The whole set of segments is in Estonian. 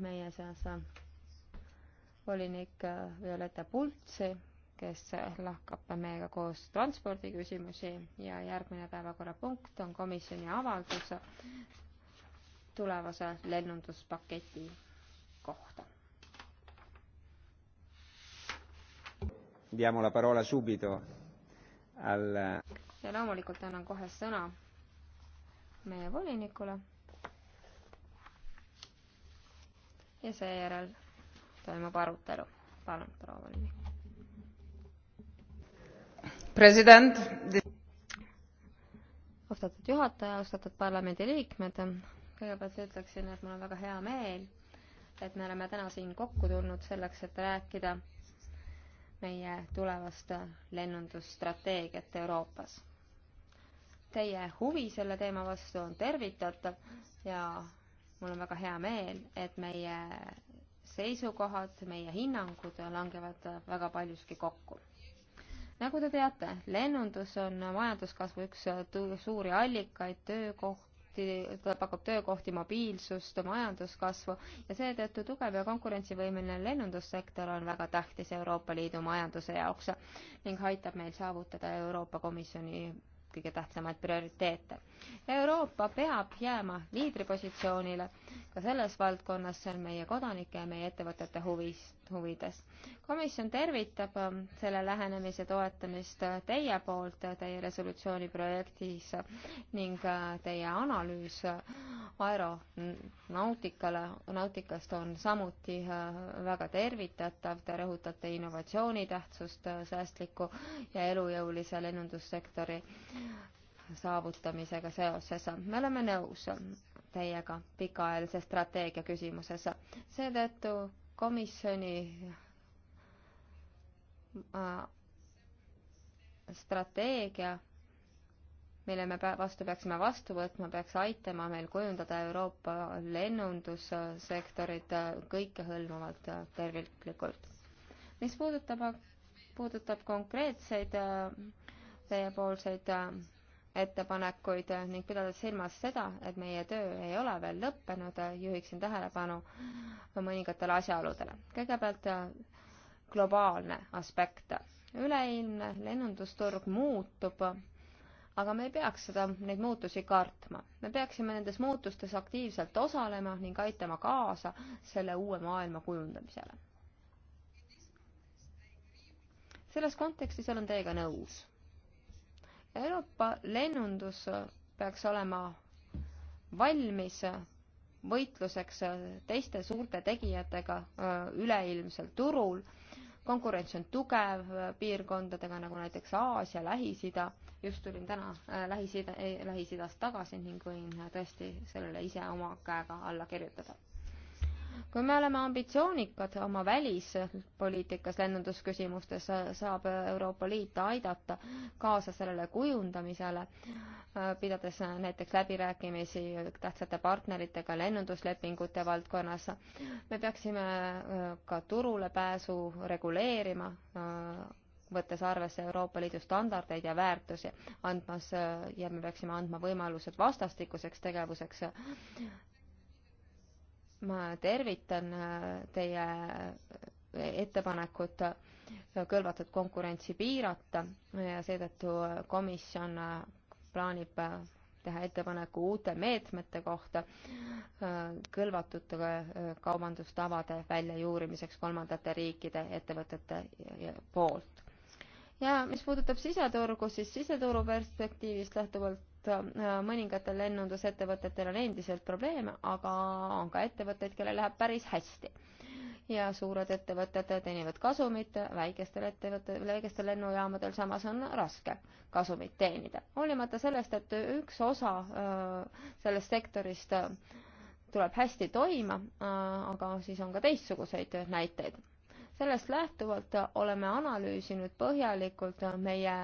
meie seas volinik äh, Violeta Pultsi, kes lahkab meiega koos transpordiküsimusi ja järgmine päevakorrapunkt on komisjoni avaldus tulevase lennunduspaketi kohta. Diamo la parola subito al ja loomulikult annan kohe sõna meie volinikule ja seejärel toimub arutelu. palun, proua Valmi. president. austatud juhataja, austatud parlamendiliikmed, kõigepealt ütleksin, et mul on väga hea meel, et me oleme täna siin kokku tulnud selleks, et rääkida meie tulevast lennundusstrateegiat Euroopas. Teie huvi selle teema vastu on tervitatav ja mul on väga hea meel, et meie seisukohad, meie hinnangud langevad väga paljuski kokku. nagu te teate, lennundus on majanduskasvu üks suuri allikaid, töökohti, ta pakub töökohti, mobiilsust, majanduskasvu ja seetõttu tugev ja konkurentsivõimeline lennundussektor on väga tähtis Euroopa Liidu majanduse jaoks ning aitab meil saavutada Euroopa Komisjoni kõige tähtsamaid prioriteete Euroopa peab jääma liidripositsioonile ka selles valdkonnas, see on meie kodanike ja meie ettevõtete huvis, huvides. komisjon tervitab ähm, selle lähenemise toetamist äh, teie poolt, äh, teie resolutsiooni projektis äh, ning teie analüüs aeronautikale, nautikast on samuti väga tervitatav, te rõhutate innovatsiooni tähtsust, säästliku ja elujõulise lennundussektori saavutamisega seoses. me oleme nõus teiega pikaajalise strateegia küsimuses. seetõttu komisjoni äh, strateegia, mille me vastu peaksime vastu võtma, peaks aitama meil kujundada Euroopa lennundussektorit kõikehõlmavalt terviklikult. mis puudutab, puudutab konkreetseid äh, teiepoolseid äh, ettepanekuid ning pidades silmas seda, et meie töö ei ole veel lõppenud, juhiksin tähelepanu mõningatele asjaoludele. kõigepealt äh, globaalne aspekt. üleilmne lennundusturg muutub, aga me ei peaks seda, neid muutusi kartma. me peaksime nendes muutustes aktiivselt osalema ning aitama kaasa selle uue maailma kujundamisele. selles kontekstis olen teiega nõus Euroopa lennundus peaks olema valmis võitluseks teiste suurte tegijatega üleilmsel turul. konkurents on tugev piirkondadega nagu näiteks Aasia, Lähis-Ida. just tulin täna Lähis-Ida, Lähis-Idast tagasi ning võin tõesti sellele ise oma käega alla kirjutada kui me oleme ambitsioonikad oma välispoliitikas lennundusküsimustes, saab Euroopa Liit aidata kaasa sellele kujundamisele, pidades näiteks läbirääkimisi tähtsate partneritega lennunduslepingute valdkonnas. me peaksime äh, ka turule pääsu reguleerima äh, võttes arvesse Euroopa Liidu standardeid ja väärtusi, andmas äh, ja me peaksime andma võimalused vastastikuseks tegevuseks ma tervitan äh, teie äh, ettepanekut äh, kõlvatud konkurentsi piirata ja seetõttu komisjon plaanib teha ettepaneku uute meetmete kohta kõlvatute kaubandustavade väljajuurimiseks kolmandate riikide ettevõtete poolt. ja mis puudutab siseturgu, siis siseturu perspektiivist lähtuvalt Äh, mõningatel lennundusettevõtetel on endiselt probleeme, aga on ka ettevõtteid, kellel läheb päris hästi. ja suured ettevõtted teenivad kasumit, väikestel ettevõtte, väikestel lennujaamadel samas on raske kasumit teenida. hoolimata sellest, et üks osa äh, sellest sektorist äh, tuleb hästi toima, aga siis on ka teistsuguseid näiteid sellest lähtuvalt oleme analüüsinud põhjalikult meie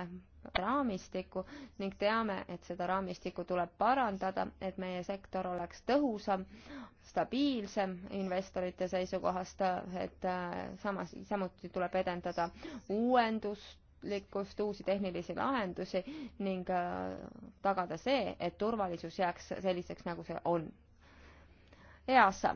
raamistikku ning teame, et seda raamistikku tuleb parandada, et meie sektor oleks tõhusam, stabiilsem investorite seisukohast, et äh, samas, samuti tuleb edendada uuendust, likkust, uusi tehnilisi lahendusi ning äh, tagada see, et turvalisus jääks selliseks, nagu see on. EASA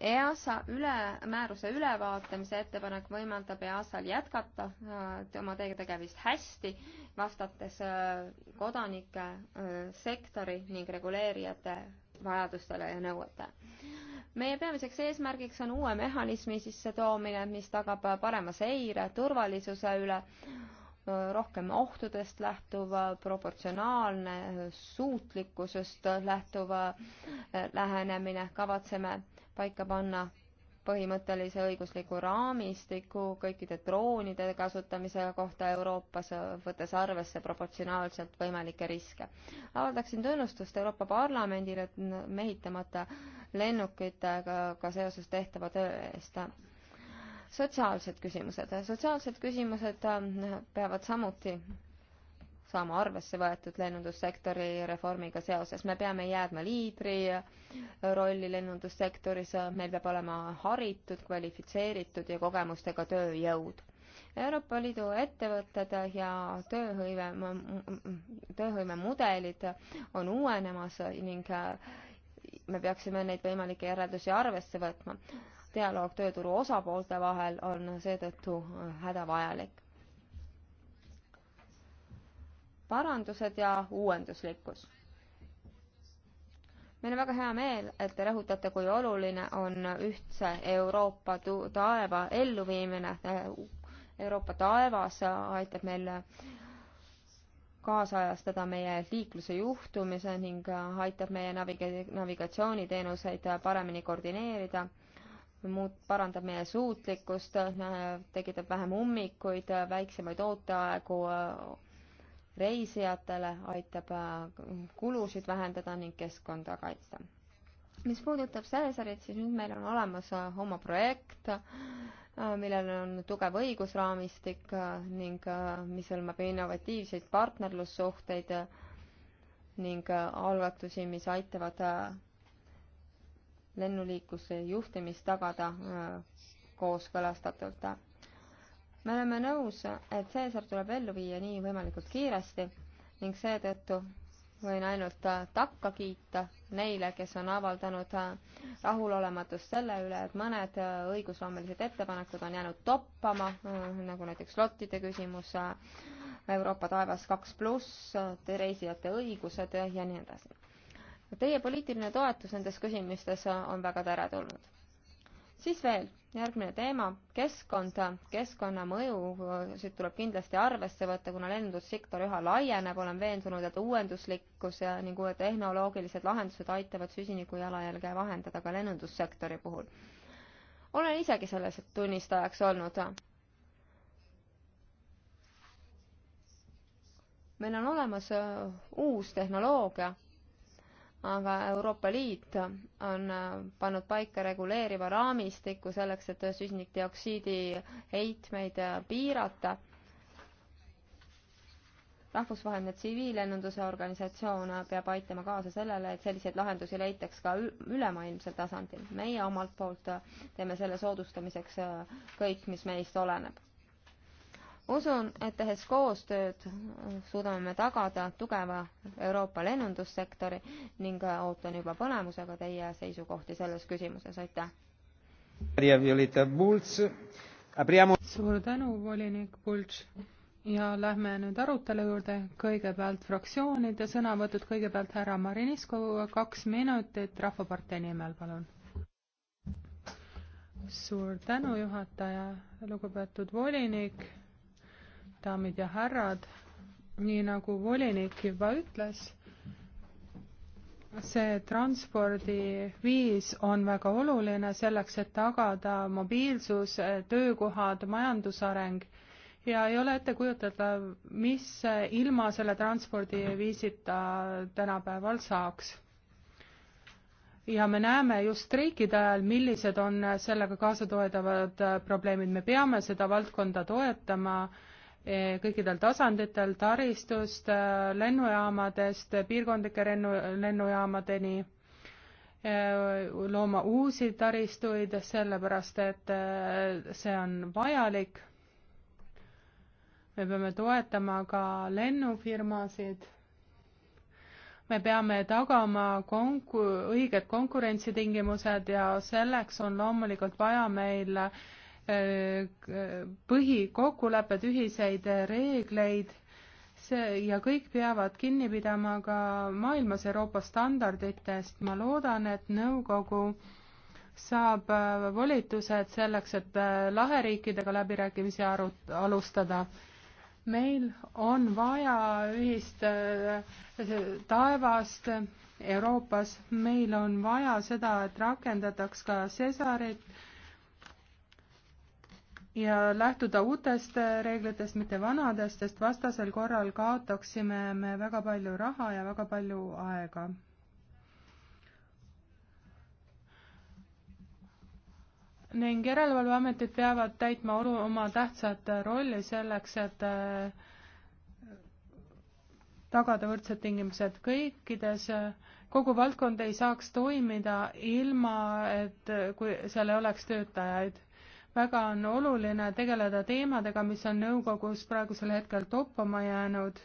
EASA üle, määruse ülevaatamise ettepanek võimaldab EASA-l jätkata äh, oma tegevust hästi, vastates äh, kodanike, äh, sektori ning reguleerijate vajadustele ja nõuetele. meie peamiseks eesmärgiks on uue mehhanismi sissetoomine, mis tagab parema seire turvalisuse üle, rohkem ohtudest lähtuva, proportsionaalne suutlikkusest lähtuva lähenemine, kavatseme paika panna põhimõttelise õigusliku raamistiku kõikide droonide kasutamise kohta Euroopas, võttes arvesse proportsionaalselt võimalikke riske. avaldaksin tunnustust Euroopa Parlamendile mehitamata lennukitega ka seoses tehtava töö eest sotsiaalsed küsimused. sotsiaalsed küsimused äh, peavad samuti saama arvesse võetud lennundussektori reformiga seoses. me peame jääma liidri rolli lennundussektoris, meil peab olema haritud, kvalifitseeritud ja kogemustega tööjõud. Euroopa Liidu ettevõtted ja tööhõive, tööhõivemudelid on uuenemas ning me peaksime neid võimalikke järeldusi arvesse võtma. dialoog tööturu osapoolte vahel on seetõttu hädavajalik parandused ja uuenduslikkus. meil on väga hea meel, et te rõhutate, kui oluline on ühtse Euroopa taeva elluviimine. Euroopa taevas aitab meil kaasajastada meie liikluse juhtumise ning aitab meie navige-, navigatsiooniteenuseid paremini koordineerida, muut-, parandab meie suutlikkust, tekitab vähem ummikuid, väiksemaid ooteaegu reisijatele, aitab äh, kulusid vähendada ning keskkonda kaitsta. mis puudutab Cäsarit, siis nüüd meil on olemas äh, oma projekt, äh, millel on tugev õigusraamistik ning mis hõlmab innovatiivseid partnerlussuhteid ning algatusi, mis aitavad lennuliikluse juhtimist tagada kooskõlastatult me oleme nõus, et Caesar tuleb ellu viia nii võimalikult kiiresti ning seetõttu võin ainult äh, takka kiita neile, kes on avaldanud äh, rahulolematust selle üle, et mõned äh, õigusloomelised ettepanekud on jäänud toppama, nagu näiteks lotide küsimus, Euroopa taevas kaks pluss, reisijate õigused ja nii edasi. Teie poliitiline toetus nendes küsimustes on väga teretulnud siis veel järgmine teema, keskkond, keskkonnamõju, siit tuleb kindlasti arvesse võtta, kuna lennundussektor üha laieneb, olen veendunud, et uuenduslikkus ja ning uued tehnoloogilised lahendused aitavad süsiniku jalajälge vahendada ka lennundussektori puhul. olen isegi selles tunnistajaks olnud. meil on olemas äh, uus tehnoloogia aga Euroopa Liit on äh, pannud paika reguleeriva raamistiku selleks, et süsinikdioksiidi heitmeid äh, piirata. rahvusvaheline tsiviillennunduse organisatsioon äh, peab aitama kaasa sellele, et selliseid lahendusi leitaks ka ülemaailmsel tasandil. meie omalt poolt teeme selle soodustamiseks kõik, mis meist oleneb usun, et tehes koostööd, suudame me tagada tugeva Euroopa lennundussektori ning äh, ootan juba põnevusega teie seisukohti selles küsimuses, aitäh! suur tänu, volinik Bulc! ja lähme nüüd arutelu juurde, kõigepealt fraktsioonide sõnavõtud, kõigepealt härra Marinisko, kaks minutit Rahvapartei nimel, palun. suur tänu, juhataja, lugupeetud volinik daamid ja härrad, nii nagu volinik juba ütles, see transpordiviis on väga oluline selleks, et tagada mobiilsus, töökohad, majandusareng ja ei ole ette kujutatav, mis ilma selle transpordiviisita tänapäeval saaks ja me näeme just streikide ajal, millised on sellega kaasa toetavad probleemid, me peame seda valdkonda toetama Eh, kõikidel tasanditel, taristust, eh, lennujaamadest, piirkondlike lennu, lennujaamadeni, eh, looma uusi taristuid, sellepärast et see on vajalik. me peame toetama ka lennufirmasid. me peame tagama konku-, õiged konkurentsitingimused ja selleks on loomulikult vaja meil äh, põhikokkulepped, ühiseid reegleid, see ja kõik peavad kinni pidama ka maailmas Euroopa standarditest, ma loodan, et nõukogu saab äh, volitused selleks, et äh, laheriikidega läbirääkimisi arut-, alustada. meil on vaja ühist äh, taevast Euroopas, meil on vaja seda, et rakendataks ka Cesarit, ja lähtuda uutest reeglitest, mitte vanadest, sest vastasel korral kaotaksime me väga palju raha ja väga palju aega. ning järelevalveametid peavad täitma olu-, oma tähtsat rolli selleks, et äh, tagada võrdsed tingimused kõikides kogu valdkond ei saaks toimida ilma, et kui seal ei oleks töötajaid väga on oluline tegeleda teemadega, mis on nõukogus praegusel hetkel toppama jäänud.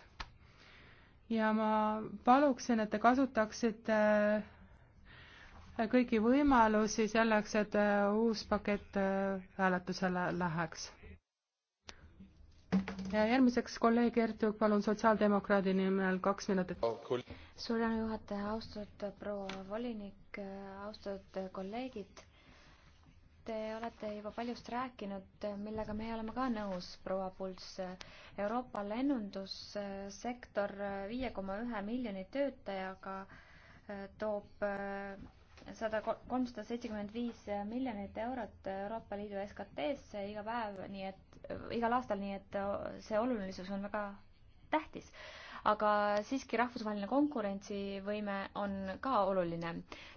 ja ma paluksin, et te kasutaksite äh, kõiki võimalusi selleks, et äh, uus pakett äh, hääletusele läheks. ja järgmiseks kolleeg Ertug, palun sotsiaaldemokraadi nimel kaks minutit. suur tänu, juhataja, austatud proua volinik, austatud kolleegid Te olete juba paljust rääkinud, millega meie oleme ka nõus, proua Puls. Euroopa lennundussektor viie koma ühe miljoni töötajaga äh, toob äh, sada, kolmsada seitsekümmend viis miljonit eurot Euroopa Liidu SKT-sse iga päev, nii et, igal aastal, nii et äh, see olulisus on väga tähtis aga siiski rahvusvaheline konkurentsivõime on ka oluline.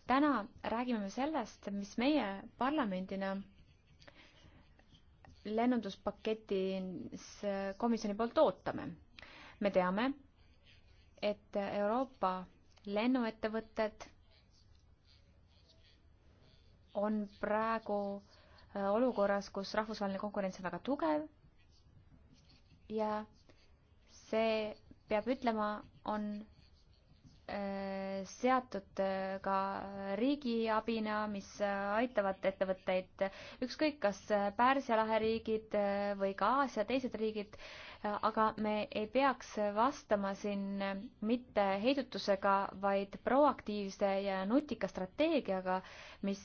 täna räägime me sellest, mis meie parlamendina lennunduspaketis komisjoni poolt ootame. me teame, et Euroopa lennuettevõtted on praegu äh, olukorras, kus rahvusvaheline konkurents on väga tugev ja see peab ütlema, on äh, seatud äh, ka riigiabina, mis äh, aitavad ettevõtteid, ükskõik kas Pärsia lahe riigid või ka Aasia teised riigid, aga me ei peaks vastama siin mitte heidutusega, vaid proaktiivse ja nutika strateegiaga, mis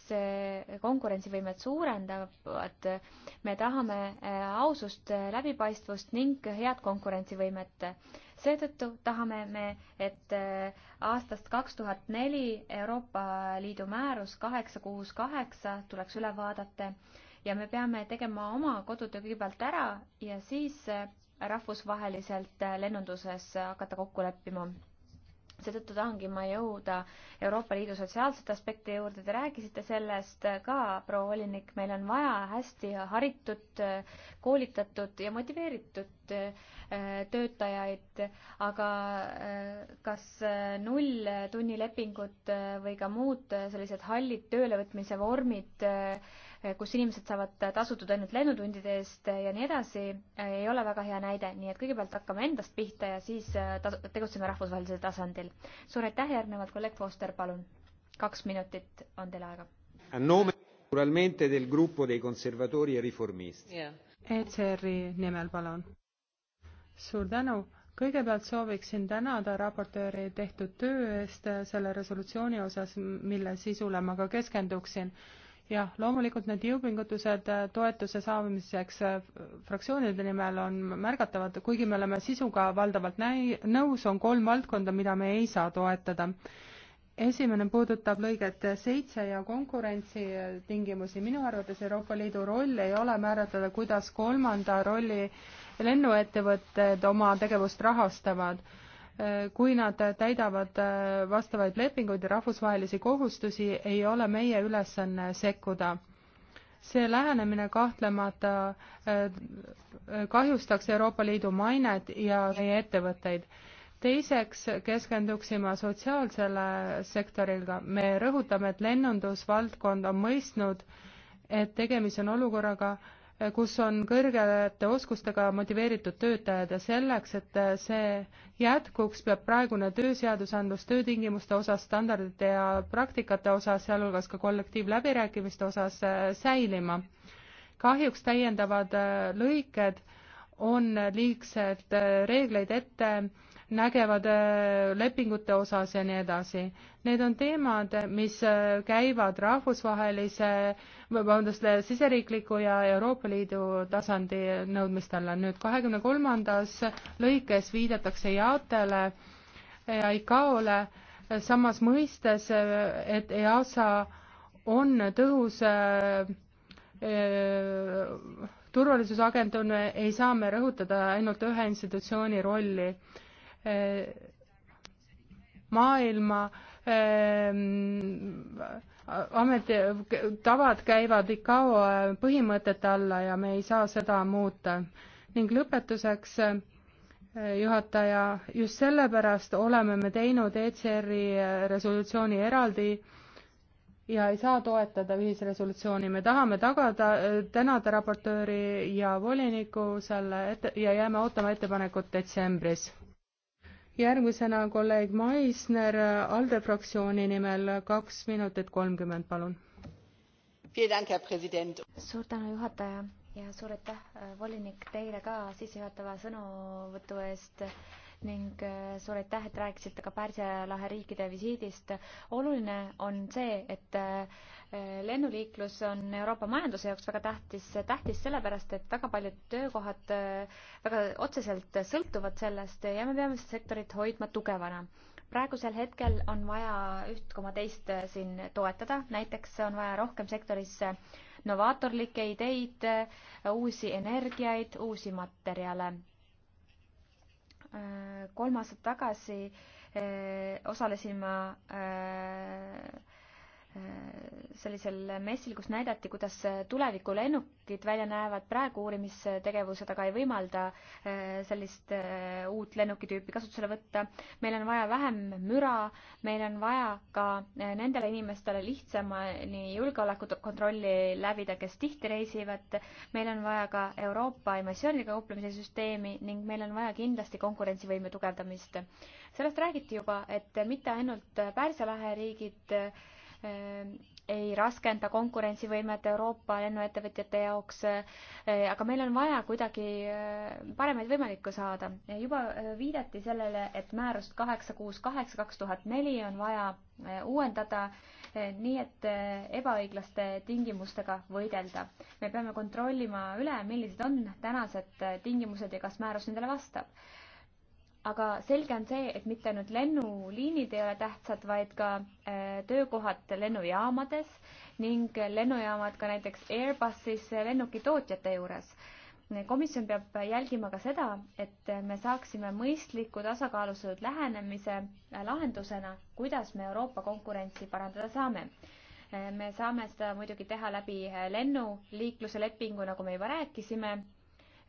konkurentsivõimet suurendavad. me tahame ausust, läbipaistvust ning head konkurentsivõimet seetõttu tahame me, et äh, aastast kaks tuhat neli Euroopa Liidu määrus kaheksa kuus kaheksa tuleks üle vaadata ja me peame tegema oma kodutöö kõigepealt ära ja siis äh, rahvusvaheliselt äh, lennunduses hakata kokku leppima seetõttu tahangi ma jõuda Euroopa Liidu sotsiaalsete aspekti juurde, te rääkisite sellest ka, proua volinik, meil on vaja hästi haritud, koolitatud ja motiveeritud Äh, töötajaid, aga äh, kas äh, nulltunnilepingud või ka muud sellised hallid töölevõtmise vormid, kus inimesed saavad tasutud ainult lennutundide eest ja nii edasi, ei ole väga hea näide, nii et kõigepealt hakkame endast pihta ja siis tegutseme rahvusvahelisel tasandil. suur aitäh, järgnevalt kolleeg Foster, palun. kaks minutit on teil aega naturalmente del gruppo dei conservatori e riformisti. Yeah. ECR nimel palun suur tänu. kõigepealt sooviksin tänada raportööri tehtud töö eest selle resolutsiooni osas, mille sisule ma ka keskenduksin. jah, loomulikult need jõupingutused toetuse saamiseks fraktsioonide nimel on märgatavad, kuigi me oleme sisuga valdavalt näi-, nõus, on kolm valdkonda, mida me ei saa toetada esimene puudutab lõiget seitse ja konkurentsitingimusi. minu arvates Euroopa Liidu roll ei ole määratleda, kuidas kolmanda rolli äh, lennuettevõtted oma tegevust rahastavad. kui nad täidavad vastavaid lepinguid ja rahvusvahelisi kohustusi, ei ole meie ülesanne sekkuda see lähenemine kahtlemata äh, kahjustaks Euroopa Liidu mainet ja meie ettevõtteid. teiseks keskenduksime sotsiaalsele sektoriga. me rõhutame, et lennundusvaldkond on mõistnud, et tegemist on olukorraga, kus on kõrgete oskustega motiveeritud töötajad ja selleks, et see jätkuks, peab praegune tööseadusandlus töötingimuste osas, standardite ja praktikate osas, sealhulgas ka kollektiivläbirääkimiste osas säilima. kahjuks täiendavad äh, lõiked on liigselt äh, reegleid ette nägevad äh, lepingute osas ja nii edasi. Need on teemad, mis äh, käivad rahvusvahelise, vabandust, siseriikliku ja Euroopa Liidu tasandi nõudmiste alla. nüüd kahekümne kolmandas lõikes viidatakse jaotele e ja ICAO-le, samas mõistes, et EASA on tõhus äh, turvalisusagentuur ei saa me rõhutada ainult ühe institutsiooni rolli. Äh, maailma äh, ameti, tavad käivad ICAO äh, põhimõtete alla ja me ei saa seda muuta. ning lõpetuseks, juhataja, just sellepärast oleme me teinud ECR-i resolutsiooni eraldi ja ei saa toetada ühisresolutsiooni. me tahame tagada, tänada raportööri ja voliniku selle ette ja jääme ootama ettepanekut detsembris järgmisena kolleeg Maisner ALDE fraktsiooni nimel kaks minutit kolmkümmend, palun. suur tänu, juhataja ja suur aitäh, äh, volinik, teile ka sissejuhatava sõnavõtu eest ning äh, suur aitäh, et rääkisite ka Pärsia lahe riikide visiidist. oluline on see, et äh, lennuliiklus on Euroopa majanduse jaoks väga tähtis, tähtis sellepärast, et väga paljud töökohad äh, väga otseselt sõltuvad sellest ja me peame seda sektorit hoidma tugevana praegusel hetkel on vaja üht koma teist siin toetada, näiteks on vaja rohkem sektorisse novaatorlikke ideid, uusi energiaid, uusi materjale kolm aastat tagasi eh, osalesin ma eh, sellisel messil, kus näidati, kuidas tulevikulennukid välja näevad, praegu uurimistegevused aga ei võimalda äh, sellist äh, uut lennukitüüpi kasutusele võtta. meil on vaja vähem müra, meil on vaja ka äh, nendele inimestele lihtsamini julgeolekukontrolli läbida, kes tihti reisivad. meil on vaja ka Euroopa emissiooniga kauplemise süsteemi ning meil on vaja kindlasti konkurentsivõime tugevdamist. sellest räägiti juba, et mitte ainult Pärsia lahe riigid Äh, ei raskenda konkurentsivõimet Euroopa lennuettevõtjate jaoks. Äh, aga meil on vaja kuidagi äh, paremaid võimalikke saada. juba viidati sellele, et määrust kaheksa kuus kaheksa kaks tuhat neli on vaja uuendada, nii et ebaõiglaste tingimustega võidelda. me peame kontrollima üle, millised on tänased tingimused ja kas määrus nendele vastab aga selge on see, et mitte ainult lennuliinid ei ole tähtsad, vaid ka äh, töökohad lennujaamades ning lennujaamad ka näiteks Airbusis lennukitootjate juures. komisjon peab jälgima ka seda, et me saaksime mõistliku tasakaalustatud lähenemise äh, lahendusena, kuidas me Euroopa konkurentsi parandada saame äh, me saame seda muidugi teha läbi lennuliikluse lepingu, nagu me juba rääkisime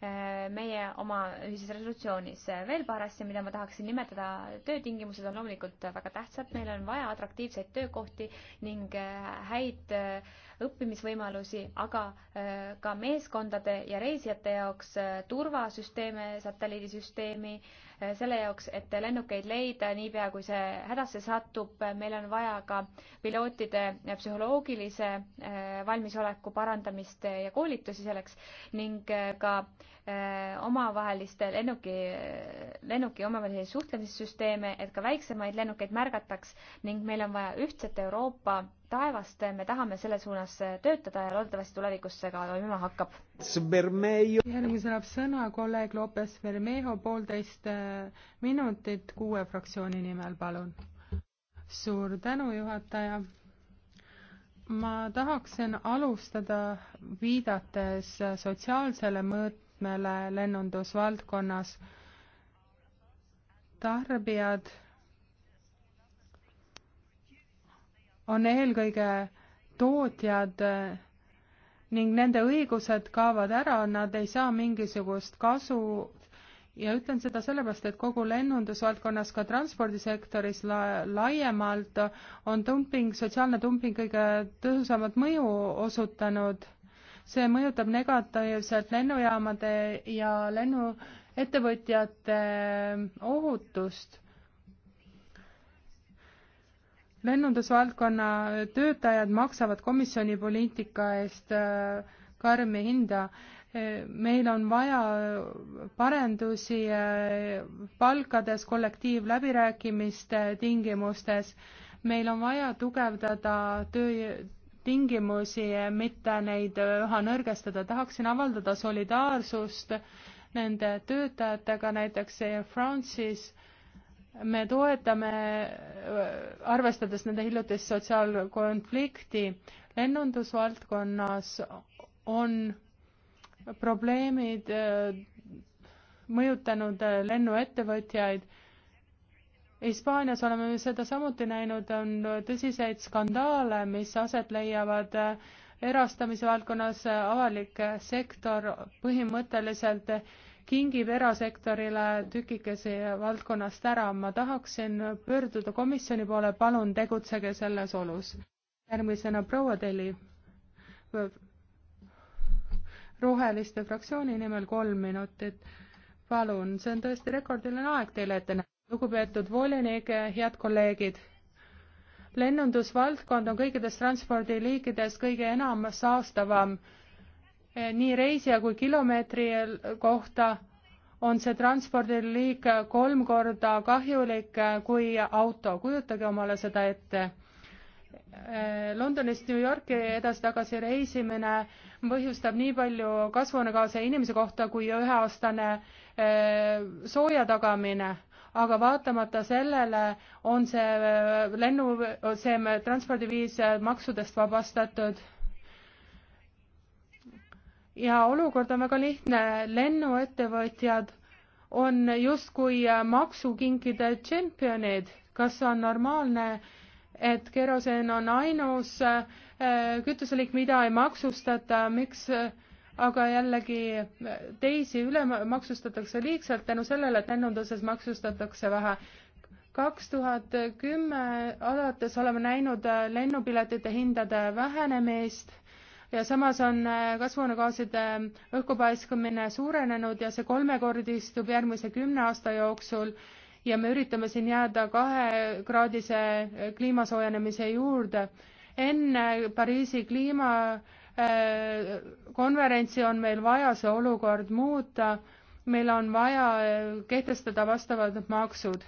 Äh, meie oma ühises resolutsioonis. veel paar asja, mida ma tahaksin nimetada, töötingimused on loomulikult väga tähtsad, meil on vaja atraktiivseid töökohti ning äh, häid äh, õppimisvõimalusi, aga ka meeskondade ja reisijate jaoks turvasüsteeme, satelliidisüsteemi äh, selle jaoks, et lennukeid leida niipea, kui see hädasse satub. meil on vaja ka pilootide psühholoogilise äh, valmisoleku parandamist ja koolitusi selleks ning äh, ka äh, omavaheliste lennuki, lennuki omavahelisi suhtlemissüsteeme, et ka väiksemaid lennukeid märgataks ning meil on vaja ühtset Euroopa taevast, me tahame selle suunas töötada ja loodetavasti tulevikus see ka toimima hakkab. järgmisena saab sõna kolleeg Lopez Bermejo, poolteist äh, minutit kuue fraktsiooni nimel, palun. suur tänu, juhataja ma tahaksin alustada viidates sotsiaalsele mõõtmele lennundusvaldkonnas. tarbijad on eelkõige tootjad eh, ning nende õigused kaovad ära, nad ei saa mingisugust kasu ja ütlen seda sellepärast, et kogu lennundusvaldkonnas, ka transpordisektoris la laiemalt on dumping, sotsiaalne dumping kõige tõhusamat mõju osutanud. see mõjutab negatiivselt lennujaamade ja lennuettevõtjate ohutust lennundusvaldkonna töötajad maksavad komisjoni poliitika eest äh, karmi hinda. meil on vaja parendusi äh, palkades, kollektiivläbirääkimiste tingimustes. meil on vaja tugevdada töö, tingimusi, mitte neid üha nõrgestada. tahaksin avaldada solidaarsust nende töötajatega, näiteks France'is me toetame, arvestades nende hiljutist sotsiaalkonflikti, lennundusvaldkonnas on probleemid äh, mõjutanud äh, lennuettevõtjaid. Hispaanias oleme seda samuti näinud, on tõsiseid skandaale, mis aset leiavad äh, erastamise valdkonnas, avalik sektor põhimõtteliselt kingib erasektorile tükikesi valdkonnast ära. ma tahaksin pöörduda komisjoni poole, palun tegutsege selles olus. järgmisena proua Teli, roheliste fraktsiooni nimel kolm minutit. palun, see on tõesti rekordiline aeg teile ette näha. lugupeetud volinik, head kolleegid lennundusvaldkond on kõikidest transpordiliikidest kõige enam saastavam Eh, nii reisija kui kilomeetri kohta on see transpordiliik eh, kolm korda kahjulik eh, kui auto, kujutage omale seda ette. Londonist New Yorki edasi-tagasi reisimine põhjustab nii palju kasvuhoonegaase inimese kohta kui üheaastane sooja tagamine aga vaatamata sellele on see lennu, see transpordiviis maksudest vabastatud ja olukord on väga lihtne, lennuettevõtjad on justkui maksukinkide tšempionid, kas on normaalne, et keroseen on ainus äh, kütuseliik, mida ei maksustata, miks äh, aga jällegi äh, teisi üle maksustatakse liigselt tänu sellele, et lennunduses maksustatakse vähe. kaks tuhat kümme alates oleme näinud lennupiletite hindade vähenemist ja samas on äh, kasvuhoonegaaside äh, õhku paiskamine suurenenud ja see kolmekordistub järgmise kümne aasta jooksul ja me üritame siin jääda kahekraadise äh, kliima soojenemise juurde. enne Pariisi kliimakonverentsi on meil vaja see olukord muuta, meil on vaja kehtestada vastavad maksud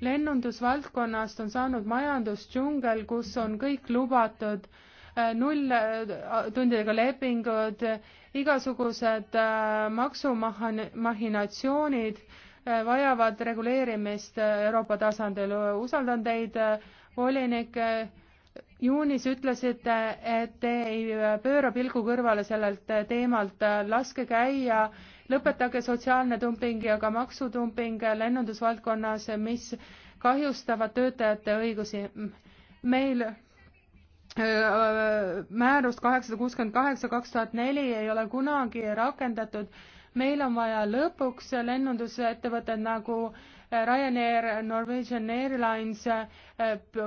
lennundusvaldkonnast on saanud majandusdžungel, kus on kõik lubatud nulltundidega äh, lepingud, igasugused äh, maksumahhinatsioonid äh, vajavad reguleerimist Euroopa tasandil. usaldan teid, volinik, juunis ütlesite, et te ei pööra pilgu kõrvale sellelt teemalt, laske käia, lõpetage sotsiaalne dumping ja ka maksudumping lennundusvaldkonnas, mis kahjustavad töötajate õigusi. meil määrust kaheksasada kuuskümmend kaheksa kaks tuhat neli ei ole kunagi rakendatud. meil on vaja lõpuks lennundusettevõtted nagu Ryanair, Norwegian Airlines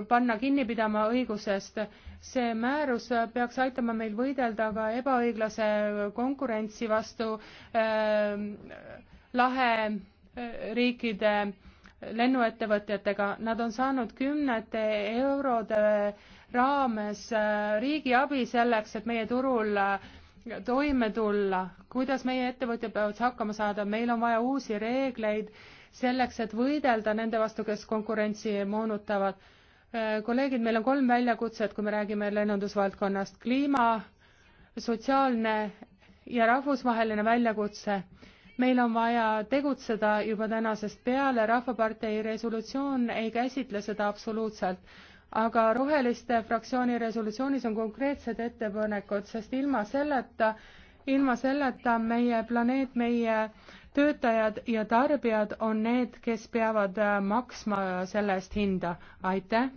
panna kinni pidama õigusest. see määrus peaks aitama meil võidelda ka ebaõiglase konkurentsi vastu äh, laheriikide lennuettevõtjatega. Nad on saanud kümnete eurode äh, raames äh, riigiabi selleks, et meie turul äh, toime tulla, kuidas meie ettevõtjad peavad hakkama saada, meil on vaja uusi reegleid selleks, et võidelda nende vastu, kes konkurentsi moonutavad. Äh, kolleegid, meil on kolm väljakutset, kui me räägime lennundusvaldkonnast, kliima, sotsiaalne ja rahvusvaheline väljakutse meil on vaja tegutseda juba tänasest peale, Rahvapartei resolutsioon ei käsitle seda absoluutselt aga Roheliste fraktsiooni resolutsioonis on konkreetsed ettepanekud, sest ilma selleta, ilma selleta meie planeet, meie töötajad ja tarbijad on need, kes peavad äh, maksma selle eest hinda. aitäh!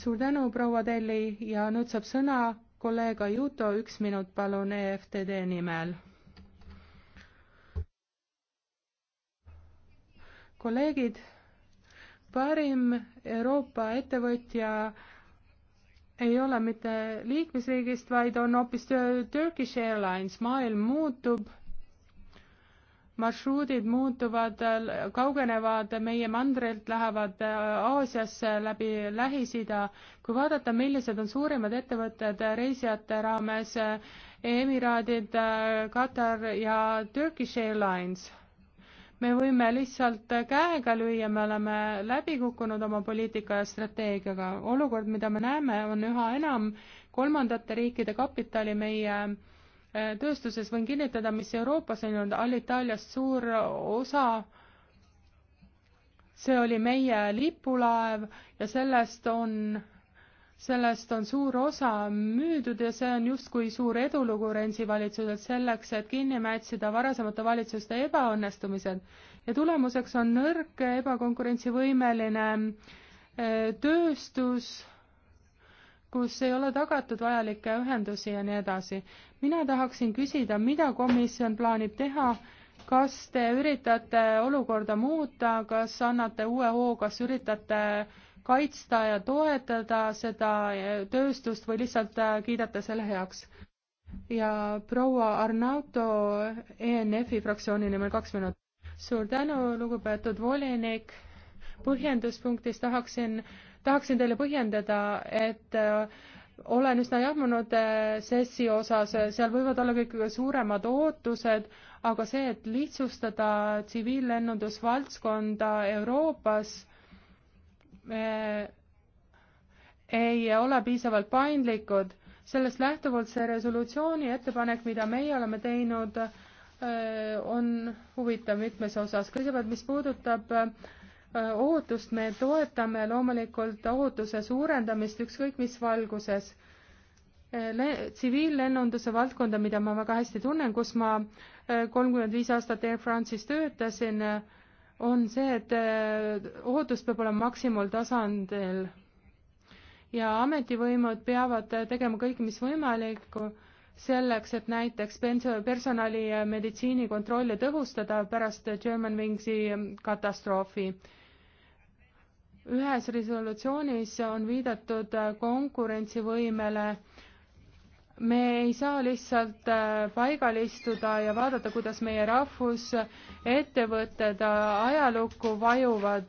suur tänu, proua Telli ja nüüd saab sõna kolleeg Ajuto, üks minut palun EFTD nimel. kolleegid parim Euroopa ettevõtja ei ole mitte liikmesriigist, vaid on hoopis Turkish Airlines, maailm muutub, marsruudid muutuvad, kaugenevad meie mandrilt, lähevad äh, Aasiasse läbi Lähis-Ida. kui vaadata, millised on suurimad ettevõtted reisijate raames, äh, Emiraadid, äh, Katar ja Turkish Airlines me võime lihtsalt käega lüüa, me oleme läbi kukkunud oma poliitika ja strateegiaga. olukord, mida me näeme, on üha enam kolmandate riikide kapitali meie eh, tööstuses, võin kinnitada, mis Euroopas on olnud, Alitaliast suur osa see oli meie lipulaev ja sellest on sellest on suur osa müüdud ja see on justkui suur edulugu Rensi valitsuselt selleks, et kinni mätsida varasemate valitsuste ebaõnnestumised. ja tulemuseks on nõrk, ebakonkurentsivõimeline äh, tööstus, kus ei ole tagatud vajalikke ühendusi ja nii edasi. mina tahaksin küsida, mida komisjon plaanib teha, kas te üritate olukorda muuta, kas annate uue hoo, kas üritate äh, kaitsta ja toetada seda tööstust või lihtsalt äh, kiidate selle heaks? ja proua Arnauto ENF-i fraktsiooni nimel kaks minutit. suur tänu, lugupeetud volinik. põhjenduspunktis tahaksin, tahaksin teile põhjendada, et äh, olen üsna jahmunud äh, sessi osas, seal võivad olla kõik suuremad ootused, aga see, et lihtsustada tsiviillennundusvaldkonda Euroopas me ei ole piisavalt paindlikud. sellest lähtuvalt see resolutsiooni ettepanek, mida meie oleme teinud, äh, on huvitav mitmes osas. kõigepealt, mis puudutab äh, ootust, me toetame loomulikult ootuse suurendamist ükskõik mis valguses. Äh, tsiviillennunduse valdkonda, mida ma väga hästi tunnen, kus ma kolmkümmend viis aastat Air France'is töötasin, on see, et äh, ohutus peab olema maksimumtasandil ja ametivõimud peavad äh, tegema kõik, mis võimalik, selleks, et näiteks personali äh, meditsiinikontrolle tõhustada pärast German Wingsi ähm, katastroofi. ühes resolutsioonis on viidatud konkurentsivõimele me ei saa lihtsalt äh, paigal istuda ja vaadata, kuidas meie rahvusettevõtted äh, ajalukku vajuvad.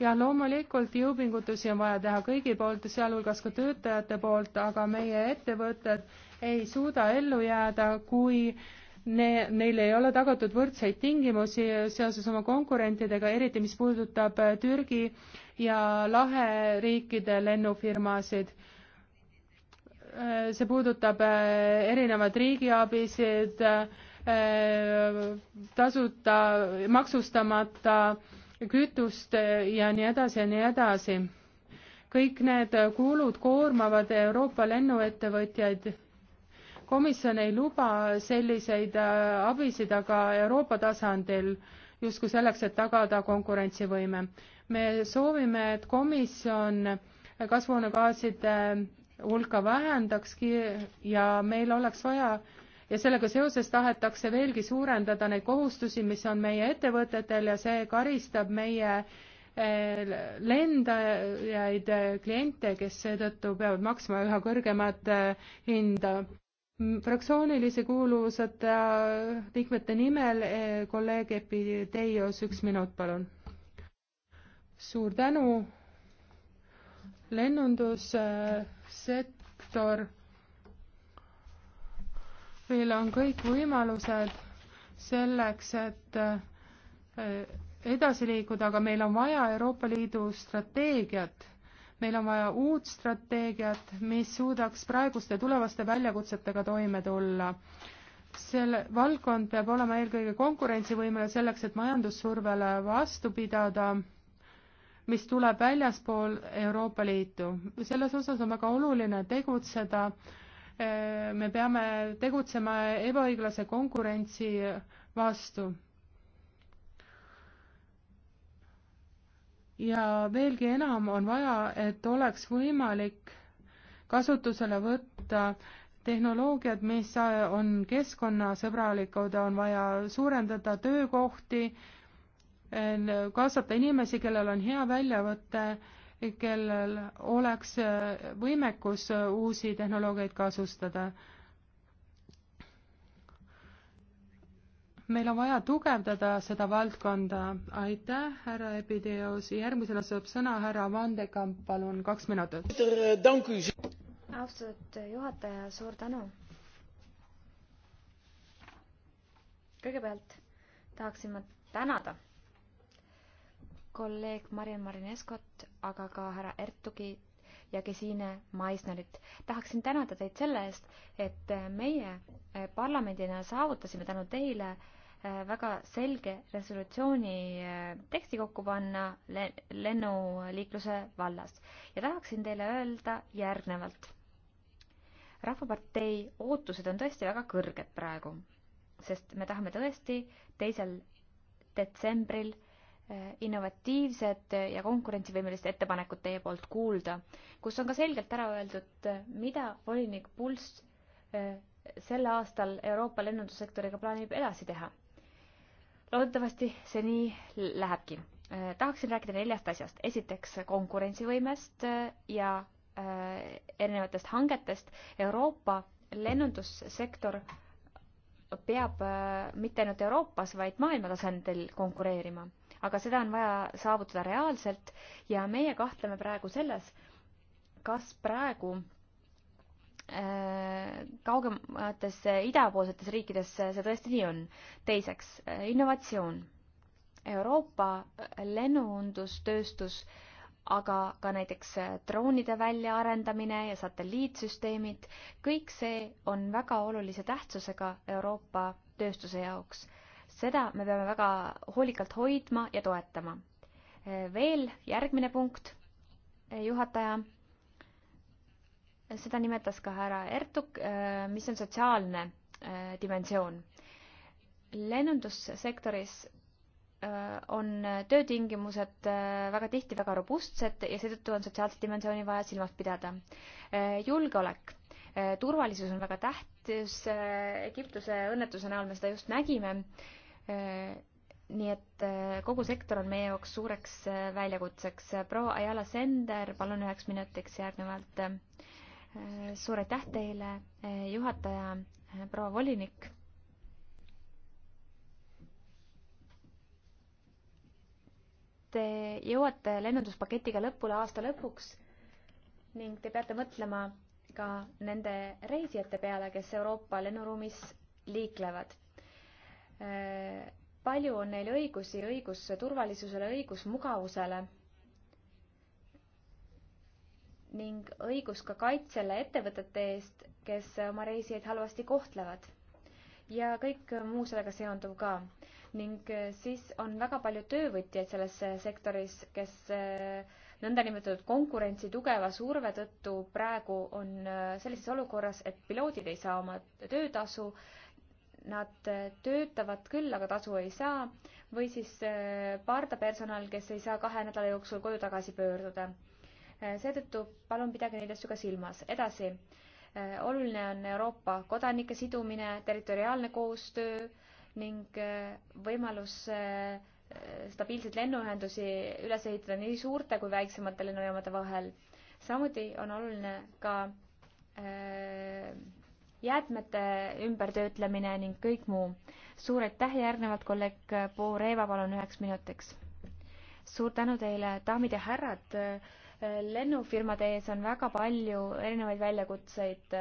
ja loomulikult jõupingutusi on vaja teha kõigi poolt, sealhulgas ka töötajate poolt, aga meie ettevõtted ei suuda ellu jääda, kui ne-, neile ei ole tagatud võrdseid tingimusi seoses oma konkurentidega, eriti mis puudutab äh, Türgi ja Lahe riikide lennufirmasid Äh, see puudutab äh, erinevaid riigiabisid, äh, tasuta, maksustamata kütust ja nii edasi ja nii edasi. kõik need kulud koormavad Euroopa lennuettevõtjaid. komisjon ei luba selliseid abisid aga Euroopa tasandil justkui selleks, et tagada konkurentsivõime. me soovime, et komisjon kasvuhoonegaaside hulka vähendakski ja meil oleks vaja ja sellega seoses tahetakse veelgi suurendada neid kohustusi, mis on meie ettevõtetel ja see karistab meie eh, lendajaid, kliente, kes seetõttu peavad maksma üha kõrgemat eh, hinda. fraktsioonilise kuuluvuseta liikmete nimel eh, kolleeg Epiteios, üks minut, palun. suur tänu. lennundus äh, sektor. meil on kõik võimalused selleks, et eh, edasi liikuda, aga meil on vaja Euroopa Liidu strateegiat. meil on vaja uut strateegiat, mis suudaks praeguste tulevaste väljakutsetega toime tulla selle valdkond peab olema eelkõige konkurentsivõimeline selleks, et majandussurvele vastu pidada mis tuleb väljaspool Euroopa Liitu. selles osas on väga oluline tegutseda, me peame tegutsema ebaõiglase konkurentsi vastu. ja veelgi enam on vaja, et oleks võimalik kasutusele võtta tehnoloogiad, mis on keskkonnasõbralikud, on vaja suurendada töökohti, kaasata inimesi, kellel on hea väljavõte, kellel oleks võimekus uusi tehnoloogiaid kasutada. meil on vaja tugevdada seda valdkonda. aitäh, härra Epideos. järgmisena saab sõna härra Vandekamp, palun, kaks minutit. austatud juhataja, suur tänu. kõigepealt tahaksin ma tänada kolleeg Mariann Marineskot, aga ka härra Ertugi ja Gesine Maisnerit. tahaksin tänada teid selle eest, et meie eh, parlamendina saavutasime tänu teile eh, väga selge resolutsiooni eh, teksti kokku panna lennuliikluse vallas. ja tahaksin teile öelda järgnevalt. rahvapartei ootused on tõesti väga kõrged praegu, sest me tahame tõesti teisel detsembril innovatiivset ja konkurentsivõimelist ettepanekut teie poolt kuulda, kus on ka selgelt ära öeldud, mida volinik Puls eh, sel aastal Euroopa lennundussektoriga plaanib edasi teha. loodetavasti see nii lähebki. Eh, tahaksin rääkida neljast asjast. esiteks konkurentsivõimest eh, ja erinevatest hangetest. Euroopa lennundussektor peab mitte ainult Euroopas, vaid maailma tasandil konkureerima aga seda on vaja saavutada reaalselt ja meie kahtleme praegu selles, kas praegu äh, kaugemates idapoolsetes riikides see tõesti nii on. teiseks, äh, innovatsioon. Euroopa äh, lennuundustööstus, aga ka näiteks droonide väljaarendamine ja satelliitsüsteemid, kõik see on väga olulise tähtsusega Euroopa tööstuse jaoks seda me peame väga hoolikalt hoidma ja toetama. Eh, veel järgmine punkt, eh, juhataja. Eh, seda nimetas ka härra Ertuk, mis on sotsiaalne dimensioon. lennundussektoris on töötingimused väga tihti väga robustsed ja seetõttu on sotsiaalset dimensiooni vaja silmas pidada. julgeolek, turvalisus on väga tähtis, Egiptuse õnnetuse näol me seda just nägime Äh, nii et äh, kogu sektor on meie jaoks suureks äh, väljakutseks. proua Ayala Sender, palun üheks minutiks järgnevalt. suur aitäh teile, juhataja, proua volinik. Te jõuate lennunduspaketiga lõpule aasta lõpuks ning te peate mõtlema ka nende reisijate peale, kes Euroopa lennuruumis liiklevad palju on neil õigusi, õigus turvalisusele, õigus mugavusele ning õigus ka kaitsele ettevõtete eest, kes oma reisijaid halvasti kohtlevad ja kõik muu sellega seonduv ka. ning siis on väga palju töövõtjaid selles sektoris, kes eh, nõndanimetatud konkurentsi tugeva surve tõttu praegu on eh, sellises olukorras, et piloodid ei saa oma töötasu nad äh, töötavad küll, aga tasu ei saa või siis äh, pardapersonal, kes ei saa kahe nädala jooksul koju tagasi pöörduda. Äh, seetõttu palun pidage neid asju ka silmas. edasi, oluline on Euroopa kodanike sidumine, territoriaalne koostöö ning võimalus stabiilseid lennuühendusi üles ehitada nii suurte kui väiksemate lennujaamade vahel. samuti on oluline ka äh, jäätmete ümbertöötlemine ning kõik muu. suur aitäh, järgnevalt kolleeg Puureeva, palun üheks minutiks. suur tänu teile, daamid ja härrad. lennufirmade ees on väga palju erinevaid väljakutseid.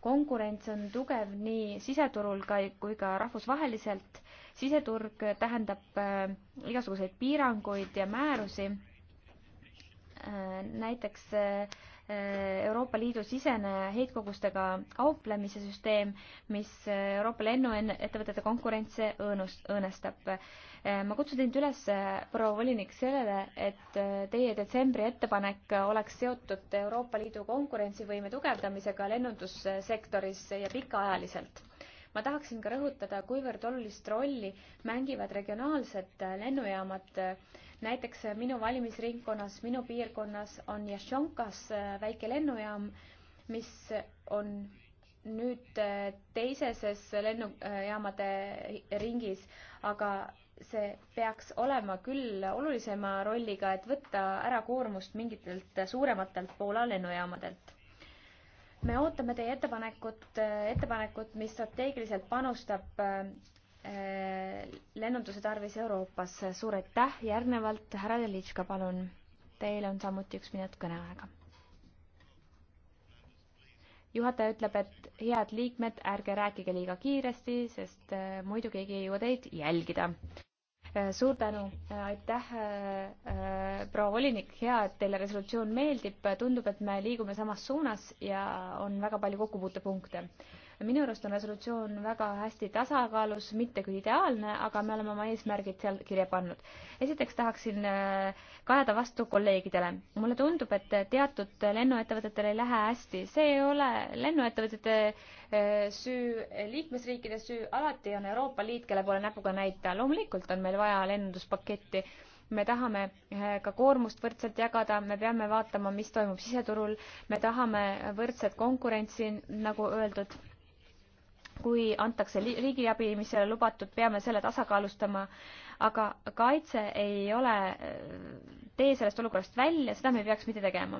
konkurents on tugev nii siseturul kui ka rahvusvaheliselt. siseturg tähendab äh, igasuguseid piiranguid ja määrusi äh, näiteks äh, Eh, Euroopa Liidu sisene heitkogustega kauplemise süsteem, mis eh, Euroopa lennuettevõtete konkurentsi õõnus, õõnestab. Eh, ma kutsun teid üles, proua volinik, sellele, et teie detsembri ettepanek oleks seotud Euroopa Liidu konkurentsivõime tugevdamisega lennundussektoris ja pikaajaliselt ma tahaksin ka rõhutada, kuivõrd olulist rolli mängivad regionaalsed lennujaamad äh, näiteks äh, minu valimisringkonnas, minu piirkonnas on Jašonkas äh, väike lennujaam, mis on nüüd äh, teiseses lennujaamade ringis, aga see peaks olema küll olulisema rolliga, et võtta ära koormust mingitelt suurematelt Poola lennujaamadelt. me ootame teie ettepanekut, ettepanekut, mis strateegiliselt panustab Äh, lennunduse tarvis Euroopas. suur aitäh, järgnevalt härra Delitška, palun. Teil on samuti üks minut kõneaega. juhataja ütleb, et head liikmed, ärge rääkige liiga kiiresti, sest äh, muidu keegi ei jõua teid jälgida. Äh, suur tänu, aitäh, proua volinik, hea, et teile resolutsioon meeldib, tundub, et me liigume samas suunas ja on väga palju kokkupuutepunkte minu arust on resolutsioon väga hästi tasakaalus, mitte küll ideaalne, aga me oleme oma eesmärgid seal kirja pannud. esiteks tahaksin äh, kajada vastu kolleegidele. mulle tundub, et teatud lennuettevõtetel ei lähe hästi, see ei ole lennuettevõtete äh, süü, liikmesriikide süü, alati on Euroopa Liit, kelle poole näpuga näita. loomulikult on meil vaja lennunduspaketti me tahame äh, ka koormust võrdselt jagada, me peame vaatama, mis toimub siseturul, me tahame võrdset konkurentsi, nagu öeldud kui antakse riigiabi, mis ei ole lubatud, peame selle tasakaalustama aga kaitse ei ole tee sellest olukorrast välja, seda me ei peaks mitte tegema.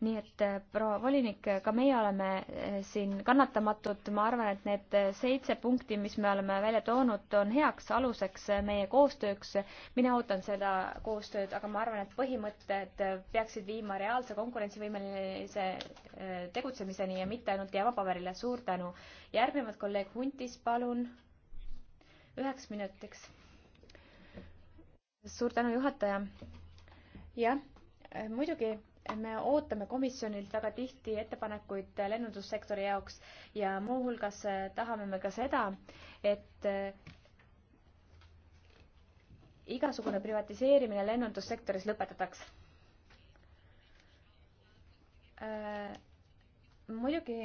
nii et äh, proua volinik, ka meie oleme äh, siin kannatamatud, ma arvan, et need seitse punkti, mis me oleme välja toonud, on heaks aluseks äh, meie koostööks. mina ootan seda koostööd, aga ma arvan, et põhimõtted peaksid viima reaalse konkurentsivõimelise tegutsemiseni ja mitte ainult jäävapaberile. suur tänu. järgnevalt kolleeg Huntis, palun. üheks minutiks suur tänu, juhataja. jah, äh, muidugi äh, me ootame komisjonilt väga tihti ettepanekuid äh, lennundussektori jaoks ja muuhulgas tahame me ka seda, et igasugune privatiseerimine lennundussektoris lõpetataks. muidugi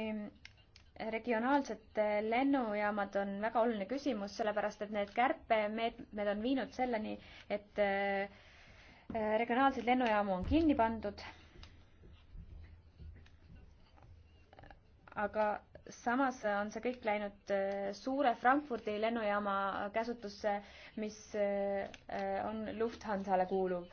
regionaalsed lennujaamad on väga oluline küsimus, sellepärast et need kärpemeetmed on viinud selleni, et äh, regionaalseid lennujaamu on kinni pandud. aga samas on see kõik läinud äh, suure Frankfurdi lennujaama käsutusse, mis äh, on Lufthansale kuuluv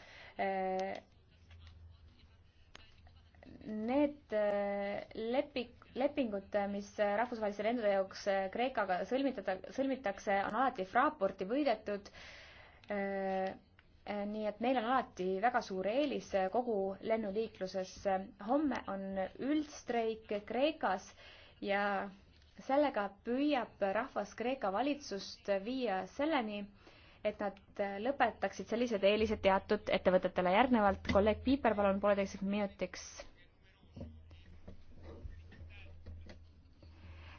need äh, lepik, lepingud, mis äh, rahvusvaheliste lendude jaoks äh, Kreekaga sõlmitada, sõlmitakse, on alati Fraporti võidetud. nii et neil on alati väga suur eelis kogu lennuliikluses. homme on üldstreik Kreekas ja sellega püüab rahvas Kreeka valitsust viia selleni, et nad lõpetaksid sellised eelised teatud ettevõtetele. järgnevalt kolleeg Piiper, palun pooleteiseks minutiks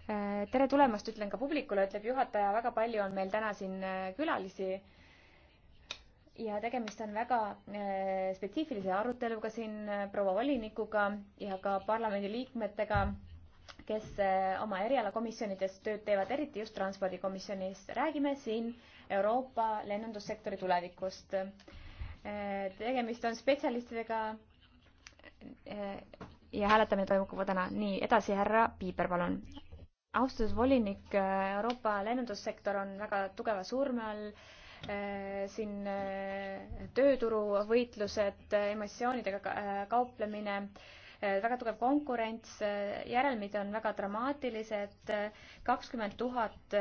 Äh, tere tulemast, ütlen ka publikule, ütleb juhataja, väga palju on meil täna siin äh, külalisi. ja tegemist on väga äh, spetsiifilise aruteluga siin proua volinikuga ja ka parlamendiliikmetega, kes oma erialakomisjonides tööd teevad, eriti just transpordikomisjonis. räägime siin Euroopa lennundussektori tulevikust. tegemist on spetsialistidega ja hääletamine toimub juba täna. nii, edasi härra Piiper, palun austatud volinik, äh, Euroopa lennundussektor on väga tugeva surme all äh, siin äh, tööturuvõitlused, emissioonidega kauplemine, väga tugev konkurents, järelmid on väga dramaatilised, kakskümmend tuhat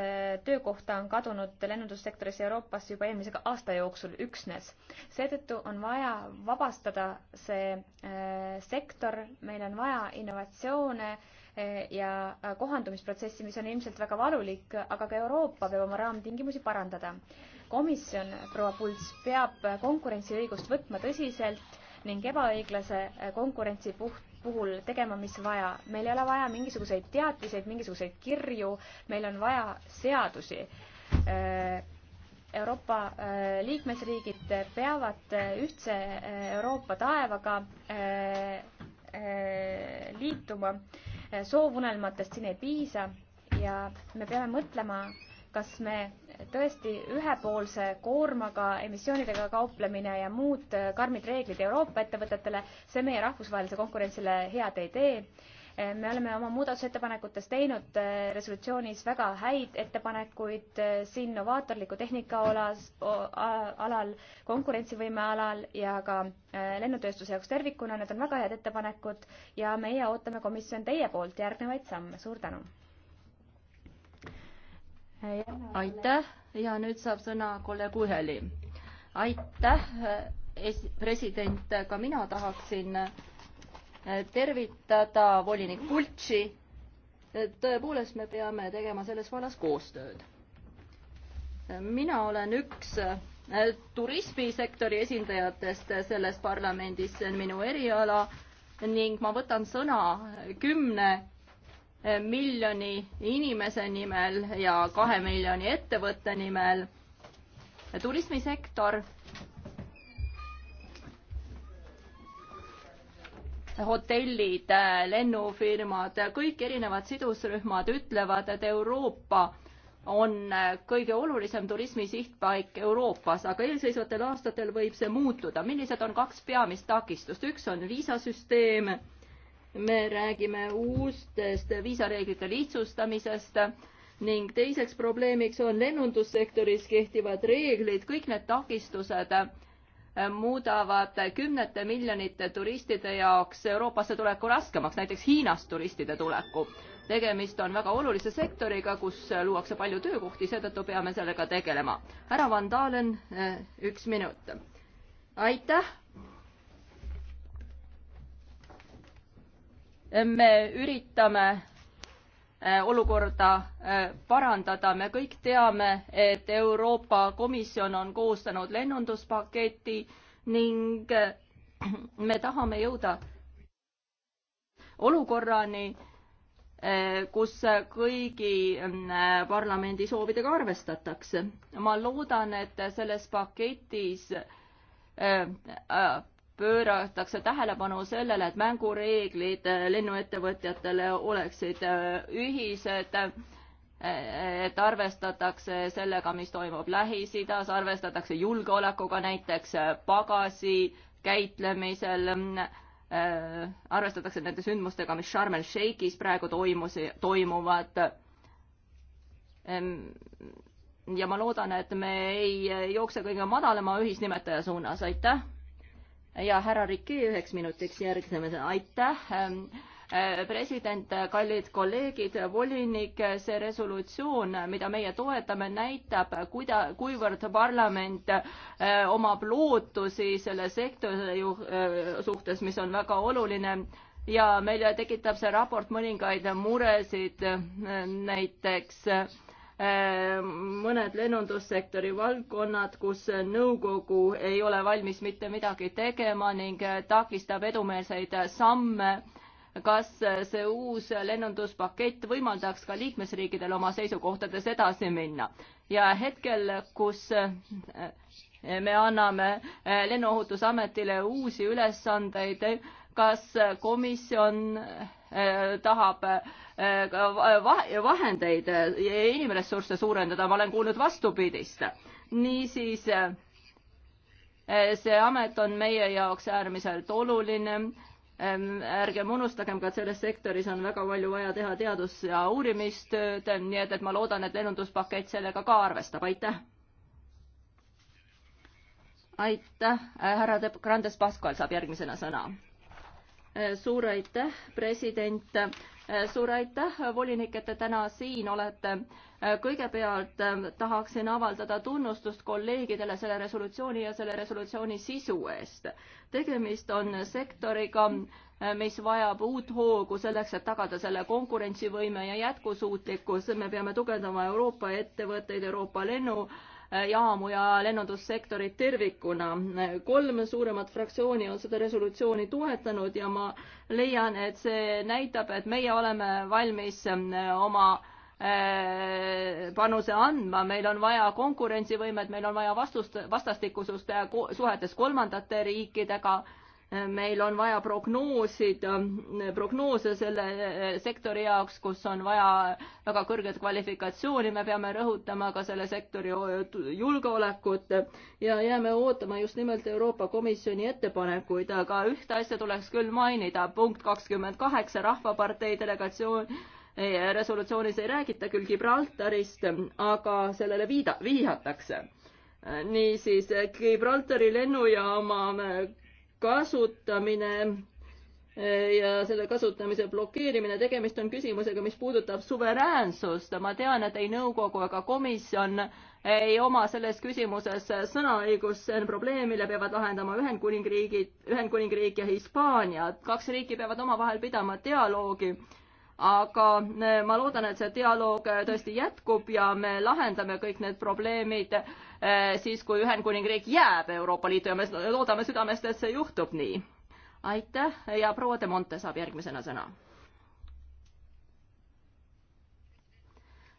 töökohta on kadunud lennundussektoris Euroopas juba eelmise aasta jooksul üksnes. seetõttu on vaja vabastada see sektor, meil on vaja innovatsioone, ja kohandumisprotsessi, mis on ilmselt väga valulik, aga ka Euroopa peab oma raamtingimusi parandada. komisjon, proua Puls, peab konkurentsiõigust võtma tõsiselt ning ebaõiglase konkurentsi puht puhul tegema, mis vaja. meil ei ole vaja mingisuguseid teatiseid, mingisuguseid kirju, meil on vaja seadusi. Euroopa äh, liikmesriigid peavad äh, ühtse äh, Euroopa taevaga Äh, liituma. Äh, soovunelmatest siin ei piisa ja me peame mõtlema, kas me tõesti ühepoolse koormaga, emissioonidega kauplemine ja muud äh, karmid reeglid Euroopa ettevõtetele, see meie rahvusvahelisele konkurentsile head ei tee Eh, me oleme oma muudatusettepanekutes teinud eh, resolutsioonis väga häid ettepanekuid eh, siin novaatorliku tehnika alas, alal, konkurentsivõime alal ja ka lennutööstuse jaoks tervikuna, need on väga head ettepanekud ja meie ootame, komisjon, teie poolt järgnevaid samme, suur tänu! aitäh ja nüüd saab sõna kolleeg Uheli. aitäh, president, ka mina tahaksin tervitada volinik Pultši. tõepoolest, me peame tegema selles vallas koostööd. mina olen üks eh, turismisektori esindajatest selles parlamendis, see on minu eriala ning ma võtan sõna kümne eh, miljoni inimese nimel ja kahe miljoni ettevõtte nimel. turismisektor hotellid, lennufirmad, kõik erinevad sidusrühmad ütlevad, et Euroopa on kõige olulisem turismi sihtpaik Euroopas, aga eelseisvatel aastatel võib see muutuda. millised on kaks peamist takistust? üks on viisasüsteem, me räägime uustest viisareeglite lihtsustamisest ning teiseks probleemiks on lennundussektoris kehtivad reeglid, kõik need takistused muudavad kümnete miljonite turistide jaoks Euroopasse tuleku raskemaks, näiteks Hiinast turistide tuleku. tegemist on väga olulise sektoriga, kus luuakse palju töökohti, seetõttu peame sellega tegelema. härra Van Dalen, eh, üks minut. aitäh. me üritame Äh, olukorda äh, parandada. me kõik teame, et Euroopa Komisjon on koostanud lennunduspaketi ning äh, me tahame jõuda olukorrani, kus kõigi parlamendi soovidega arvestatakse. ma loodan, et selles paketis pööratakse tähelepanu sellele, et mängureeglid lennuettevõtjatele oleksid äh, ühised, äh, et arvestatakse sellega, mis toimub Lähis-Idas, arvestatakse julgeolekuga näiteks äh, pagasi käitlemisel, arvestatakse nende sündmustega, mis Sharm el Sheikhis praegu toimus, toimuvad ehm, ja ma loodan, et me ei jookse kõige madalama ühisnimetaja suunas, aitäh! ja härra Rikki üheks minutiks järgnemisena, aitäh ähm, äh, president, kallid kolleegid, volinik, see resolutsioon, mida meie toetame, näitab, kuida-, kuivõrd parlament äh, omab lootusi selle sektori ju, äh, suhtes, mis on väga oluline ja meile tekitab see raport mõningaid muresid, näiteks Äh, mõned lennundussektori valdkonnad, kus nõukogu ei ole valmis mitte midagi tegema ning äh, takistab edumeelseid samme. kas see uus lennunduspakett võimaldaks ka liikmesriikidel oma seisukohtades edasi minna? ja hetkel, kus äh, me anname Lennuohutusametile uusi ülesandeid, kas komisjon äh, tahab äh, vahendeid ja inimressursse suurendada, ma olen kuulnud vastupidist. niisiis äh, see amet on meie jaoks äärmiselt oluline. Ähm, ärgem unustagem ka, et selles sektoris on väga palju vaja teha teadus- ja uurimistööd, nii et, et ma loodan, et lennunduspakett sellega ka arvestab, aitäh. aitäh, härra Grandes Pascual saab järgmisena sõna suur aitäh, president, suur aitäh, volinik, et te täna siin olete. kõigepealt eh, tahaksin avaldada tunnustust kolleegidele selle resolutsiooni ja selle resolutsiooni sisu eest. tegemist on sektoriga, eh, mis vajab uut hoogu selleks, et tagada selle konkurentsivõime ja jätkusuutlikkus. me peame tugevdama Euroopa ettevõtteid, Euroopa lennu Äh, jaamu ja lennundussektorit tervikuna. kolm suuremat fraktsiooni on seda resolutsiooni toetanud ja ma leian, et see näitab, et meie oleme valmis äh, oma äh, panuse andma, meil on vaja konkurentsivõimet, meil on vaja vastust, vastastikusust suhetes kolmandate riikidega meil on vaja prognoosida, äh, prognoose selle äh, sektori jaoks, kus on vaja väga kõrget kvalifikatsiooni, me peame rõhutama ka selle sektori julgeolekut ja jääme ootama just nimelt Euroopa Komisjoni ettepanekuid, aga ühte asja tuleks küll mainida, punkt kakskümmend kaheksa, Rahvapartei delegatsioon ei, resolutsioonis ei räägita küll Gibraltarist, aga sellele viida-, viidatakse niisiis Gibraltari lennujaama kasutamine ja selle kasutamise blokeerimine, tegemist on küsimusega, mis puudutab suveräänsust. ma tean, et ei nõukogu ega komisjon ei oma selles küsimuses sõnaõigust, see on probleem, mille peavad lahendama Ühendkuningriigid, Ühendkuningriik ja Hispaania. kaks riiki peavad omavahel pidama dialoogi. aga ma loodan, et see dialoog tõesti jätkub ja me lahendame kõik need probleemid Eh, siis, kui Ühendkuningriik jääb Euroopa Liitu ja me loodame südamest, et see juhtub nii. aitäh ja proua De Monte saab järgmisena sõna.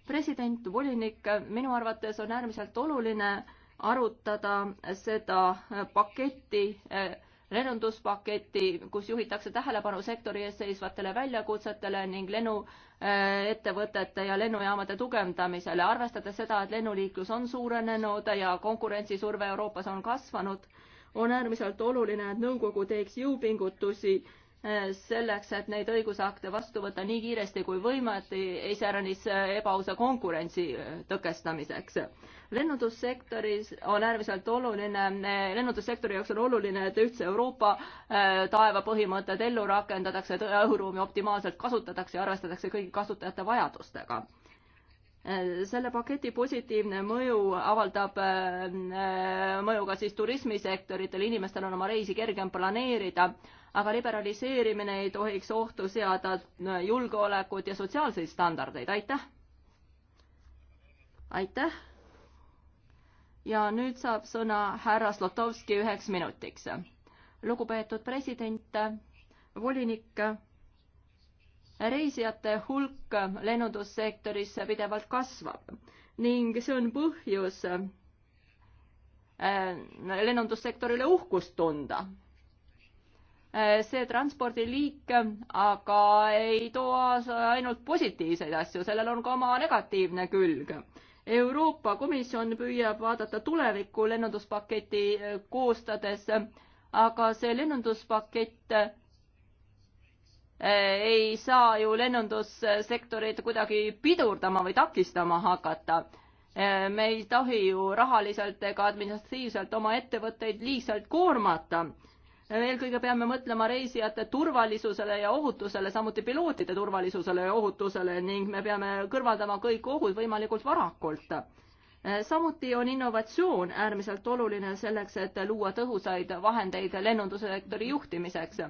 president, volinik, minu arvates on äärmiselt oluline arutada seda paketti äh, lennunduspaketi, kus juhitakse tähelepanu sektori ees seisvatele väljakutsetele ning lennuettevõtete äh, ja lennujaamade tugevdamisele. arvestades seda, et lennuliiklus on suurenenud ja konkurentsisurve Euroopas on kasvanud, on äärmiselt oluline, et nõukogu teeks jõupingutusi selleks, et neid õigusakte vastu võtta nii kiiresti kui võimati, iseäranis ebaausa konkurentsi tõkestamiseks. lennundussektoris on äärmiselt oluline, lennundussektori jaoks on oluline, et ühtse Euroopa äh, taeva põhimõtted ellu rakendatakse, õhuruumi optimaalselt kasutatakse ja arvestatakse kõigi kasutajate vajadustega selle paketi positiivne mõju avaldab äh, äh, mõju ka siis turismisektoritel, inimestel on oma reisi kergem planeerida aga liberaliseerimine ei tohiks ohtu seada äh, julgeolekut ja sotsiaalseid standardeid, aitäh! aitäh! ja nüüd saab sõna härra Slotovski üheks minutiks. lugupeetud president, volinik, reisijate hulk lennundussektoris pidevalt kasvab ning see on põhjus äh, lennundussektorile uhkust tunda Eh, see transpordiliik eh, aga ei too ainult positiivseid asju, sellel on ka oma negatiivne külg. Euroopa Komisjon püüab vaadata tulevikku lennunduspaketi eh, koostades, aga see lennunduspakett ei saa ju lennundussektorit kuidagi pidurdama või takistama hakata me ei tohi ju rahaliselt ega administratiivselt oma ettevõtteid liigselt koormata eelkõige peame mõtlema reisijate turvalisusele ja ohutusele, samuti pilootide turvalisusele ja ohutusele ning me peame kõrvaldama kõik ohud võimalikult varakult. samuti on innovatsioon äärmiselt oluline selleks, et luua tõhusaid vahendeid lennundussektori juhtimiseks.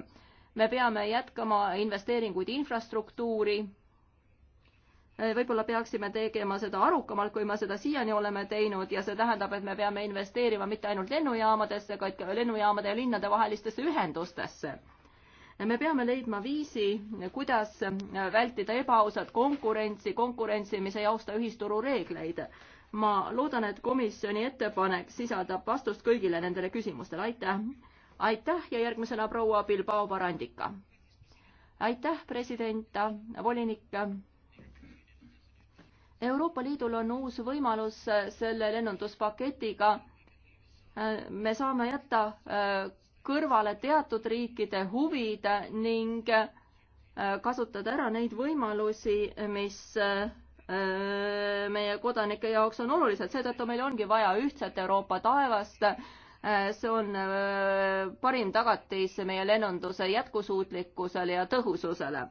me peame jätkama investeeringuid infrastruktuuri Äh, võib-olla peaksime tegema seda arukamalt, kui me seda siiani oleme teinud ja see tähendab, et me peame investeerima mitte ainult lennujaamadesse, vaid ka lennujaamade ja linnade vahelistesse ühendustesse. Äh, me peame leidma viisi, kuidas äh, vältida ebaausat konkurentsi, konkurentsi, mis ei austa ühisturu reegleid. ma loodan, et komisjoni ettepanek sisaldab vastust kõigile nendele küsimustele, aitäh. aitäh ja järgmisena proua Bilbao Barandika. aitäh, president, volinik Euroopa Liidul on uus võimalus äh, selle lennunduspaketiga. Äh, me saame jätta äh, kõrvale teatud riikide huvid ning kasutada ära neid võimalusi, mis meie kodanike jaoks on olulised, seetõttu meil ongi vaja ühtset Euroopa taevast. see on parim tagatis meie lennunduse jätkusuutlikkusele ja tõhususele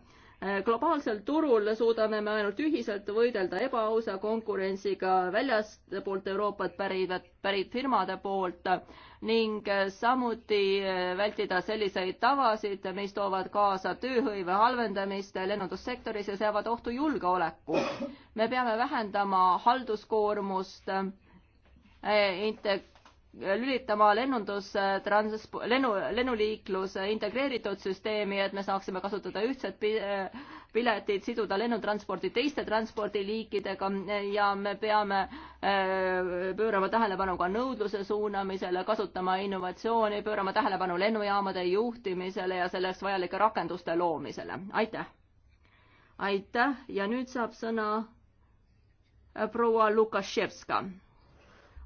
globaalsel turul suudame me ainult ühiselt võidelda ebaausa konkurentsiga väljastpoolt Euroopat pärivad, pärit firmade poolt ning samuti vältida selliseid tavasid, mis toovad kaasa tööhõive halvendamist lennundussektoris ja seavad ohtu julgeoleku. me peame vähendama halduskoormust, eh, integ-, lülitama lennundus, trans-, lennu, lennuliikluse integreeritud süsteemi, et me saaksime kasutada ühtset piletit, siduda lennutransporti teiste transpordiliikidega ja me peame äh, pöörama tähelepanu ka nõudluse suunamisele, kasutama innovatsiooni, pöörama tähelepanu lennujaamade juhtimisele ja selleks vajalike rakenduste loomisele. aitäh! aitäh ja nüüd saab sõna äh, proua Lukaševska.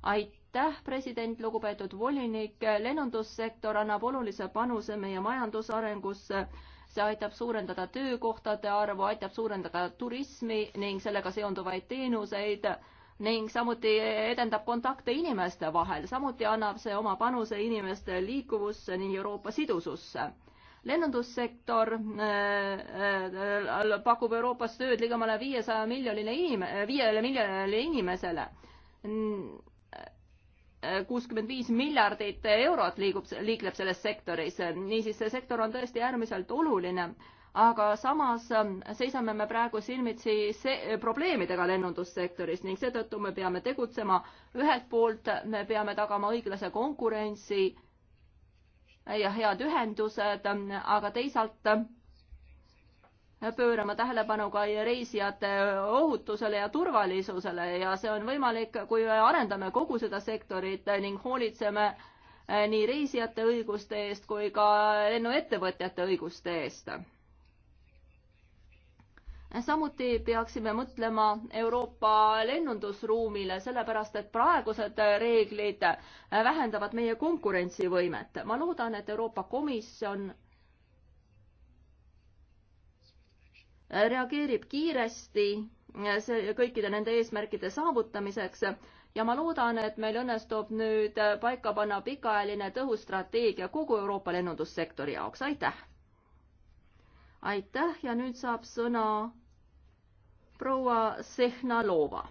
aitäh! aitäh, president, lugupeetud volinik, lennundussektor annab olulise panuse meie majandusarengusse, see aitab suurendada töökohtade arvu, aitab suurendada turismi ning sellega seonduvaid teenuseid ning samuti edendab kontakte inimeste vahel, samuti annab see oma panuse inimeste liikuvusse ning Euroopa sidususse lennundussektor äh, äh pakub Euroopas tööd ligemale viiesaja miljonile inim-, viiele miljonile inimesele kuuskümmend viis miljardit eurot liigub, liikleb selles sektoris, niisiis see sektor on tõesti äärmiselt oluline, aga samas ähm, seisame me praegu silmitsi see, probleemidega lennundussektoris ning seetõttu me peame tegutsema, ühelt poolt me peame tagama õiglase konkurentsi ja head ühendused, aga teisalt pöörama tähelepanu ka reisijate ohutusele ja turvalisusele ja see on võimalik, kui arendame kogu seda sektorit ning hoolitseme eh, nii reisijate õiguste eest kui ka lennuettevõtjate õiguste eest. samuti peaksime mõtlema Euroopa lennundusruumile, sellepärast et praegused reeglid vähendavad meie konkurentsivõimet. ma loodan, et Euroopa Komisjon reageerib kiiresti see kõikide nende eesmärkide saavutamiseks ja ma loodan, et meil õnnestub nüüd paika panna pikaajaline tõhus strateegia kogu Euroopa lennundussektori jaoks, aitäh! aitäh ja nüüd saab sõna proua Sehnalova.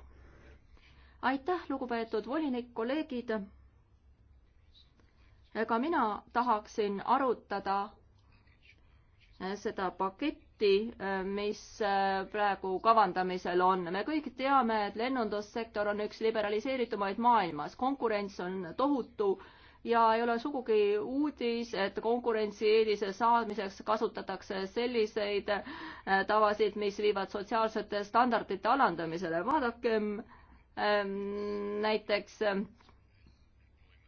aitäh, lugupeetud volinik, kolleegid! ka mina tahaksin arutada Äh, seda paketti, äh, mis äh, praegu kavandamisel on. me kõik teame, et lennundussektor on üks liberaliseeritumaid maailmas, konkurents on tohutu ja ei ole sugugi uudis, et konkurentsieelise saamiseks kasutatakse selliseid tavasid, mis viivad sotsiaalsete standardite alandamisele. vaadakem ähm, näiteks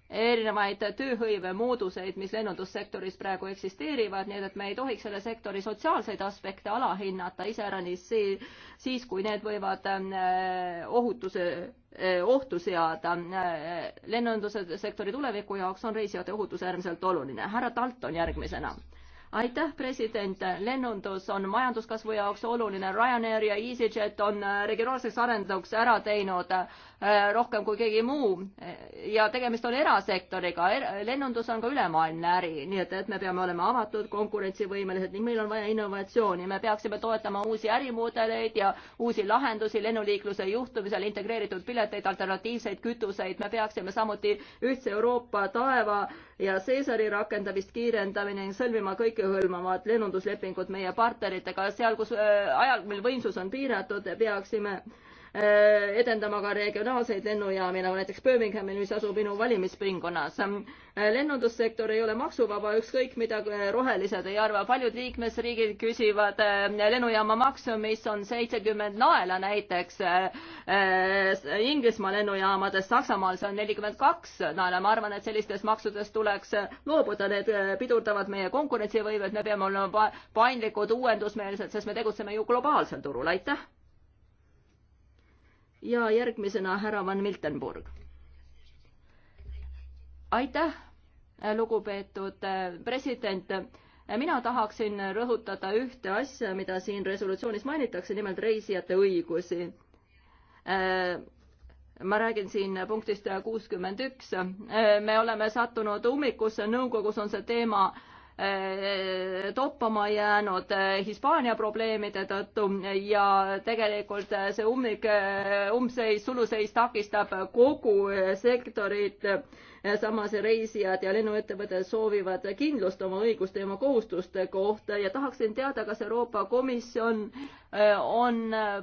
erinevaid tööhõive mooduseid, mis lennundussektoris praegu eksisteerivad, nii et me ei tohiks selle sektori sotsiaalseid aspekte alahinnata, iseäranis siis, kui need võivad äh, ohutuse, äh, ohtu seada. Äh, lennunduse sektori tuleviku jaoks on reisijate ohutus äärmiselt oluline. härra Dalton järgmisena aitäh, president, lennundus on majanduskasvu jaoks oluline, Ryanair ja EasyJet on regionaalseks arenduks ära teinud äh, Äh, rohkem kui keegi muu ja tegemist on erasektoriga, er-, lennundus on ka ülemaailmne äri, nii et, et me peame olema avatud, konkurentsivõimelised ning meil on vaja innovatsiooni, me peaksime toetama uusi ärimudeleid ja uusi lahendusi lennuliikluse juhtumisel, integreeritud pileteid, alternatiivseid kütuseid, me peaksime samuti ühtse Euroopa taeva ja Seesari rakendamist kiirendamine ning sõlmima kõikehõlmavad lennunduslepingud meie partneritega, seal, kus äh, ajal, mil võimsus on piiratud, peaksime äh, Äh, edendama ka regionaalseid lennujaami, nagu näiteks Birminghamil, mis asub minu valimispringkonnas. Äh, lennundussektor ei ole maksuvaba, ükskõik mida äh, rohelised ei arva. paljud liikmesriigid küsivad lennujaama maksu, mis on seitsekümmend naela näiteks Inglismaa lennujaamades, Saksamaal see on nelikümmend kaks naela. ma arvan, et sellistest maksudest tuleks loobuda, need pidurdavad meie konkurentsivõimet, me peame olema paindlikud, uuendusmeelsed, sest me tegutseme ju globaalsel turul, aitäh! ja järgmisena härra Van Miltenburg. aitäh, lugupeetud äh, president. mina tahaksin rõhutada ühte asja, mida siin resolutsioonis mainitakse, nimelt reisijate õigusi. Äh, ma räägin siin punktist kuuskümmend üks. Äh, me oleme sattunud ummikusse, nõukogus on see teema Äh, toppama jäänud äh, Hispaania probleemide tõttu ja tegelikult äh, see ummik, umbseis, suluseis takistab kogu sektorit. samas reisijad ja lennuettevõtted soovivad kindlust oma õiguste ja oma kohustuste kohta ja tahaksin teada, kas Euroopa Komisjon on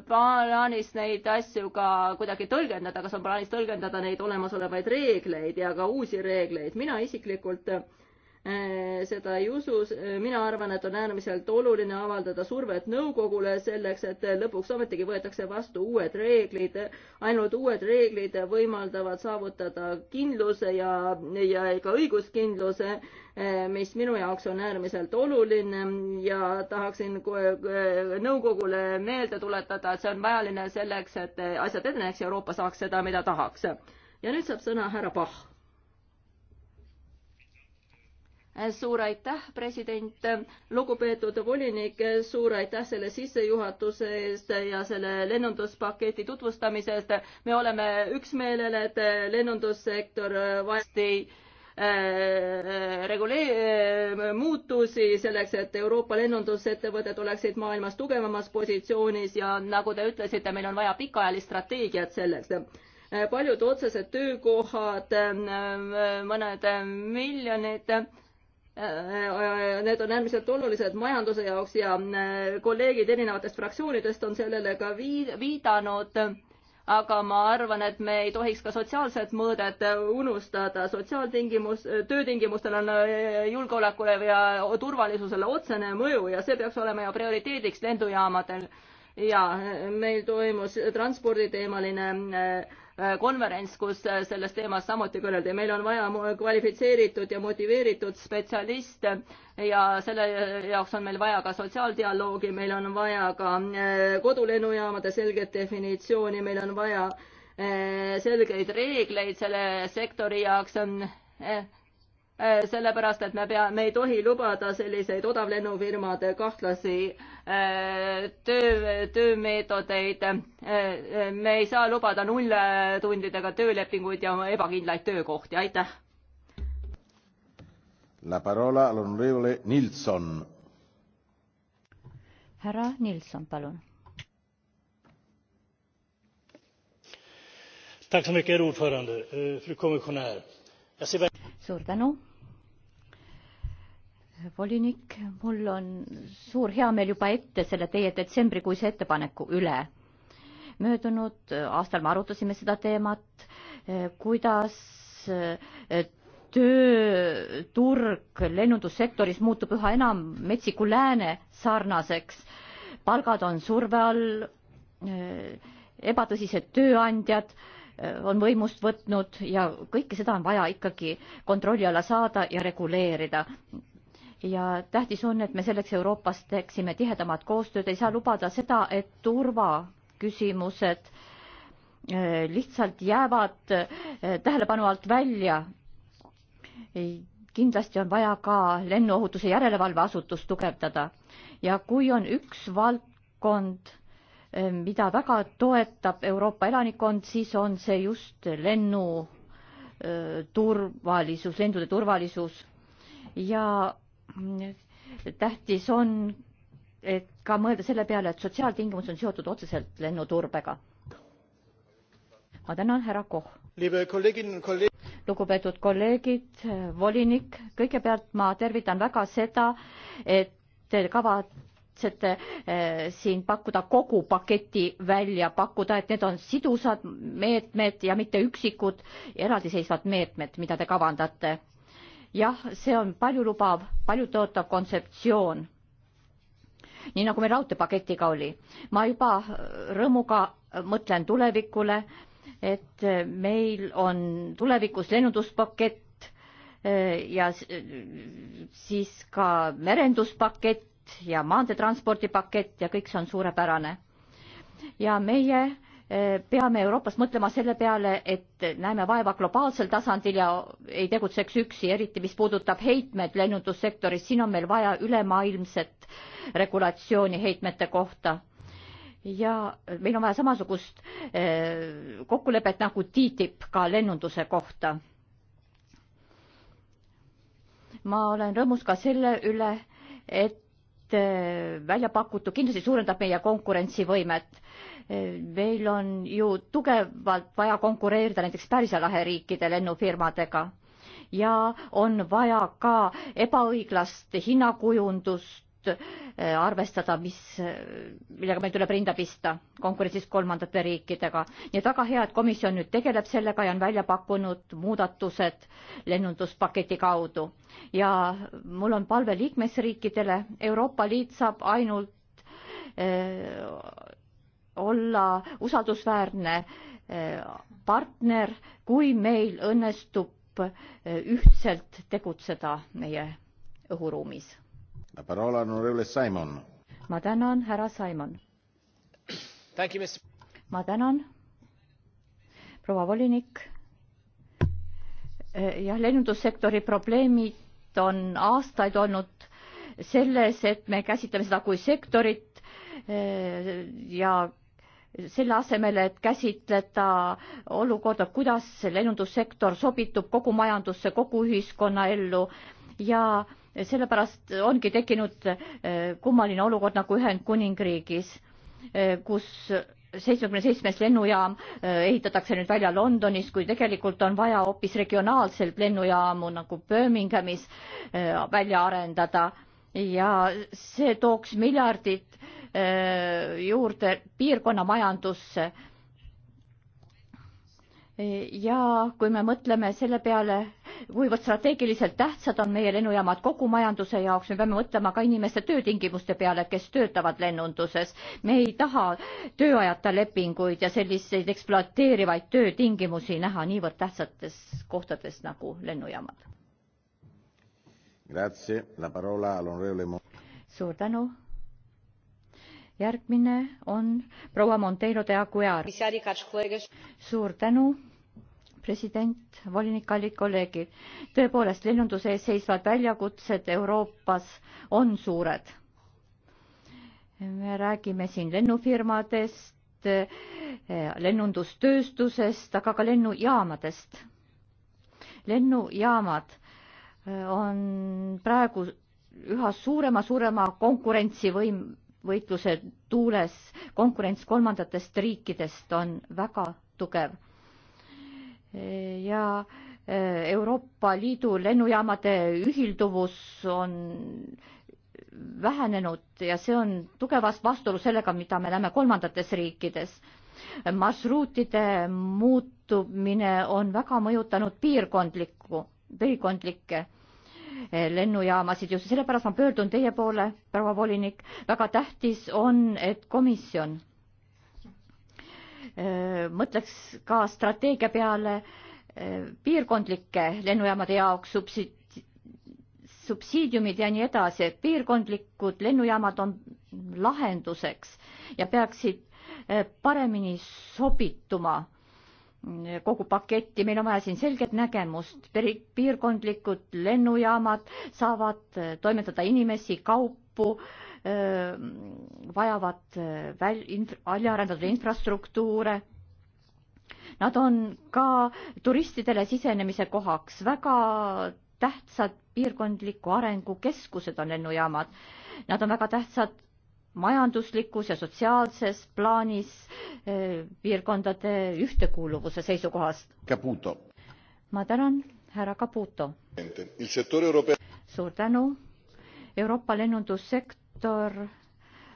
plaanis neid asju ka kuidagi tõlgendada, kas on plaanis tõlgendada neid olemasolevaid reegleid ja ka uusi reegleid. mina isiklikult Äh, seda ei usu, äh, mina arvan, et on äärmiselt oluline avaldada survet nõukogule selleks, et äh, lõpuks ometigi võetakse vastu uued reeglid. ainult uued reeglid võimaldavad saavutada kindluse ja, ja ka õiguskindluse, mis minu jaoks on äärmiselt oluline ja tahaksin nõukogule meelde tuletada, et see on vajaline selleks, et asjad edeneks ja Euroopa saaks seda, mida tahaks. ja nüüd saab sõna härra Pahv suur aitäh, president, lugupeetud volinik, suur aitäh selle sissejuhatuse eest ja selle lennunduspaketi tutvustamise eest. me oleme üksmeelel, et lennundussektor vasti äh, regulee-, äh, muutusi selleks, et Euroopa lennundusettevõtted oleksid maailmas tugevamas positsioonis ja nagu te ütlesite, meil on vaja pikaajalist strateegiat selleks paljud otsesed töökohad, äh, mõned miljonid Äh, äh, need on äärmiselt olulised majanduse jaoks ja äh, kolleegid erinevatest fraktsioonidest on sellele ka viidanud aga ma arvan, et me ei tohiks ka sotsiaalset mõõdet unustada. sotsiaaltingimus, töötingimustel on julgeolekule ja turvalisusele otsene mõju ja see peaks olema ju prioriteediks lendujaamadel. ja meil toimus transporditeemaline Äh, konverents, kus äh, sellest teemast samuti kõneldi. meil on vaja kvalifitseeritud ja motiveeritud spetsialiste ja selle äh, jaoks on meil vaja ka sotsiaaldialoogi, meil on vaja ka kodulennujaamade selget definitsiooni, meil on vaja selgeid reegleid selle sektori jaoks Eh, sellepärast et me pea, me ei tohi lubada selliseid odavlennufirmade kahtlasi eh, töö, töömeetodeid. Eh, me ei saa lubada nulltundidega töölepinguid ja ebakindlaid töökohti, aitäh. La parola all'onorevole Nilsson. härra Nilsson, palun. suur tänu volinik, mul on suur heameel juba ette selle teie detsembrikuise ettepaneku üle. möödunud aastal me arutasime seda teemat, eh, kuidas eh, tööturg lennundussektoris muutub üha enam metsiku lääne sarnaseks. palgad on surve all, eh, ebatõsised tööandjad on võimust võtnud ja kõike seda on vaja ikkagi kontrolli alla saada ja reguleerida ja tähtis on, et me selleks Euroopas teeksime tihedamat koostööd, ei saa lubada seda, et turvaküsimused äh, lihtsalt jäävad äh, tähelepanu alt välja. kindlasti on vaja ka lennuohutuse järelevalveasutust tugevdada ja kui on üks valdkond, äh, mida väga toetab Euroopa elanikkond, siis on see just lennu turvalisus, lendude turvalisus ja tähtis on, et ka mõelda selle peale, et sotsiaaltingimus on seotud otseselt lennuturbega. ma tänan, härra Koh. lugupeetud kolleegid, volinik, kõigepealt ma tervitan väga seda, et te kavatsete eh, siin pakkuda kogu paketi välja pakkuda, et need on sidusad meetmed ja mitte üksikud eraldiseisvad meetmed, mida te kavandate jah, see on paljulubav, paljutõotav kontseptsioon. nii nagu meil raudteepaketiga oli. ma juba rõõmuga mõtlen tulevikule, et meil on tulevikus lennunduspakett eh, ja siis ka merenduspakett ja maanteetranspordipakett ja kõik see on suurepärane. ja meie Eh, peame Euroopas mõtlema selle peale, et näeme vaeva globaalsel tasandil ja ei tegutseks üksi, eriti mis puudutab heitmed lennundussektoris, siin on meil vaja ülemaailmset regulatsiooni heitmete kohta. ja meil on vaja samasugust eh, kokkulepet nagu TTIP ka lennunduse kohta. ma olen rõõmus ka selle üle, et eh, välja pakutu kindlasti suurendab meie konkurentsivõimet meil on ju tugevalt vaja konkureerida näiteks Pärsia lahe riikide lennufirmadega ja on vaja ka ebaõiglast hinnakujundust eh, arvestada, mis, millega meil tuleb rinda pista konkurentsis kolmandate riikidega. nii et väga hea, et komisjon nüüd tegeleb sellega ja on välja pakkunud muudatused lennunduspaketi kaudu. ja mul on palve liikmesriikidele, Euroopa Liit saab ainult eh, olla usaldusväärne eh, partner, kui meil õnnestub eh, ühtselt tegutseda meie õhuruumis. ma tänan, härra Simon. ma tänan, proua volinik. Eh, jah, lennundussektori probleemid on aastaid olnud selles, et me käsitleme seda kui sektorit ja selle asemel, et käsitleda olukorda, kuidas lennundussektor sobitub kogu majandusse, kogu ühiskonnaellu ja sellepärast ongi tekkinud eh, kummaline olukord nagu Ühendkuningriigis, eh, kus seitsmekümne seitsmes lennujaam eh, ehitatakse nüüd välja Londonis, kui tegelikult on vaja hoopis regionaalselt lennujaamu nagu Birminghamis välja arendada ja see tooks miljardid äh, juurde piirkonna majandusse. ja kui me mõtleme selle peale, kuivõrd strateegiliselt tähtsad on meie lennujaamad kogu majanduse jaoks, me peame mõtlema ka inimeste töötingimuste peale, kes töötavad lennunduses. me ei taha tööajata lepinguid ja selliseid ekspluateerivaid töötingimusi näha niivõrd tähtsates kohtades nagu lennujaamad suur tänu. järgmine on proua Monteiro de Aguiar. suur tänu, president, volinik, kallid kolleegid. tõepoolest, lennunduse ees seisvad väljakutsed Euroopas on suured. me räägime siin lennufirmadest, lennundustööstusest, aga ka lennujaamadest. lennujaamad on praegu üha suurema, suurema konkurentsivõim, võitluse tuules, konkurents kolmandatest riikidest on väga tugev. ja e, Euroopa Liidu lennujaamade ühilduvus on vähenenud ja see on tugevas vastuolus sellega, mida me näeme kolmandates riikides. marsruutide muutumine on väga mõjutanud piirkondlikku, piirkondlikke Eh, lennujaamasid, just sellepärast ma pöördun teie poole, proua volinik, väga tähtis on, et komisjon eh, mõtleks ka strateegia peale eh, piirkondlike lennujaamade jaoks subsid-, subsiidiumid ja nii edasi, et piirkondlikud lennujaamad on lahenduseks ja peaksid paremini sobituma kogu paketti, meil on vaja siin selget nägemust, piirkondlikud lennujaamad saavad äh, toimetada inimesi, kaupu, äh, vajavad äh, väl-, inf-, väljaarendatud infrastruktuure. Nad on ka turistidele sisenemise kohaks, väga tähtsad piirkondliku arengu keskused on lennujaamad. Nad on väga tähtsad majanduslikus ja sotsiaalses plaanis eh, piirkondade ühtekuuluvuse seisukohast. ma tänan, härra Caputo. suur tänu. Euroopa lennundussektor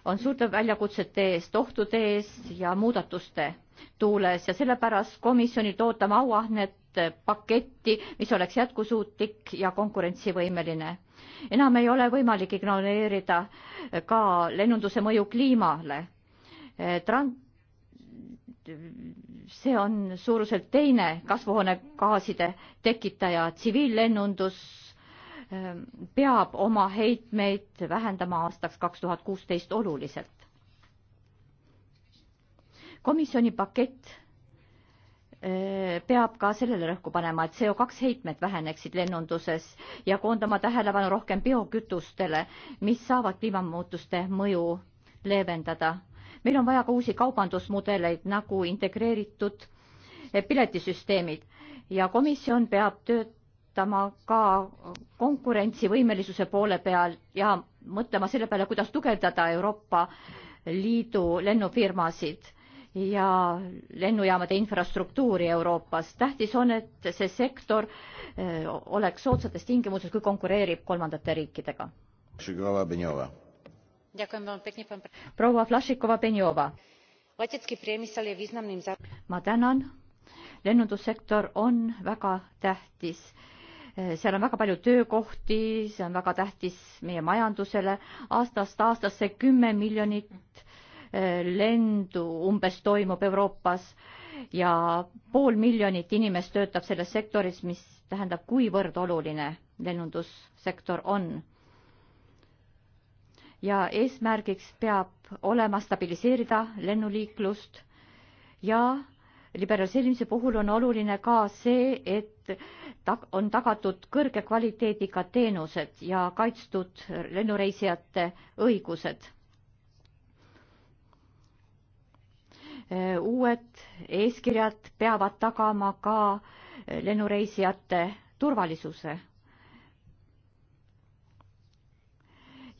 on suurte väljakutsete eest, ohtude eest ja muudatuste tuules ja sellepärast komisjonilt ootame auahnet paketti, mis oleks jätkusuutlik ja konkurentsivõimeline enam ei ole võimalik ignoreerida ka lennunduse mõju kliimale. Eh, Tran-, see on suuruselt teine kasvuhoonegaaside tekitaja, tsiviillennundus eh, peab oma heitmeid vähendama aastaks kaks tuhat kuusteist oluliselt. komisjoni pakett Äh, peab ka sellele rõhku panema, et CO2 heitmed väheneksid lennunduses ja koondama tähelepanu rohkem biokütustele, mis saavad kliimamuutuste mõju leevendada. meil on vaja ka uusi kaubandusmudeleid nagu integreeritud eh, piletisüsteemid ja komisjon peab töötama ka konkurentsivõimelisuse poole peal ja mõtlema selle peale, kuidas tugevdada Euroopa Liidu lennufirmasid ja lennujaamade infrastruktuuri Euroopas. tähtis on, et see sektor eh, oleks soodsates tingimustes, kui konkureerib kolmandate riikidega. proua Flašikova-Benjova. ma tänan. lennundussektor on väga tähtis eh, seal on väga palju töökohti, see on väga tähtis meie majandusele. aastast aastasse kümme miljonit lendu umbes toimub Euroopas ja pool miljonit inimest töötab selles sektoris, mis tähendab, kuivõrd oluline lennundussektor on. ja eesmärgiks peab olema stabiliseerida lennuliiklust ja liberaliseerimise puhul on oluline ka see, et tag-, on tagatud kõrge kvaliteediga teenused ja kaitstud lennureisijate õigused Äh, uued eeskirjad peavad tagama ka äh, lennureisijate turvalisuse.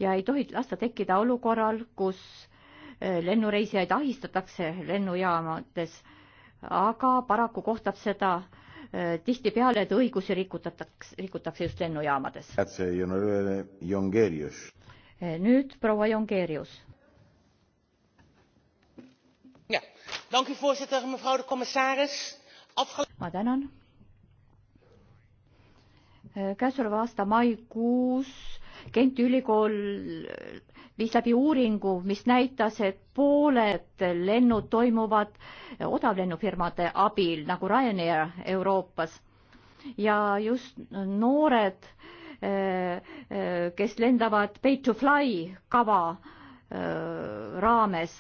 ja ei tohi lasta tekkida olukorral, kus äh, lennureisijaid ahistatakse lennujaamades, aga paraku kohtab seda tihtipeale, et õigusi rikutatakse, rikutakse just lennujaamades. nüüd proua Jongeerius voorzitter mevrouw de commissaris ma tänan eh, käesoleva aasta maikuus Genti ülikool eh, viis läbi uuringu, mis näitas, et pooled lennud toimuvad eh, odavlennufirmade abil nagu Ryanair Euroopas ja just noored, kes lendavad pay to fly kava raames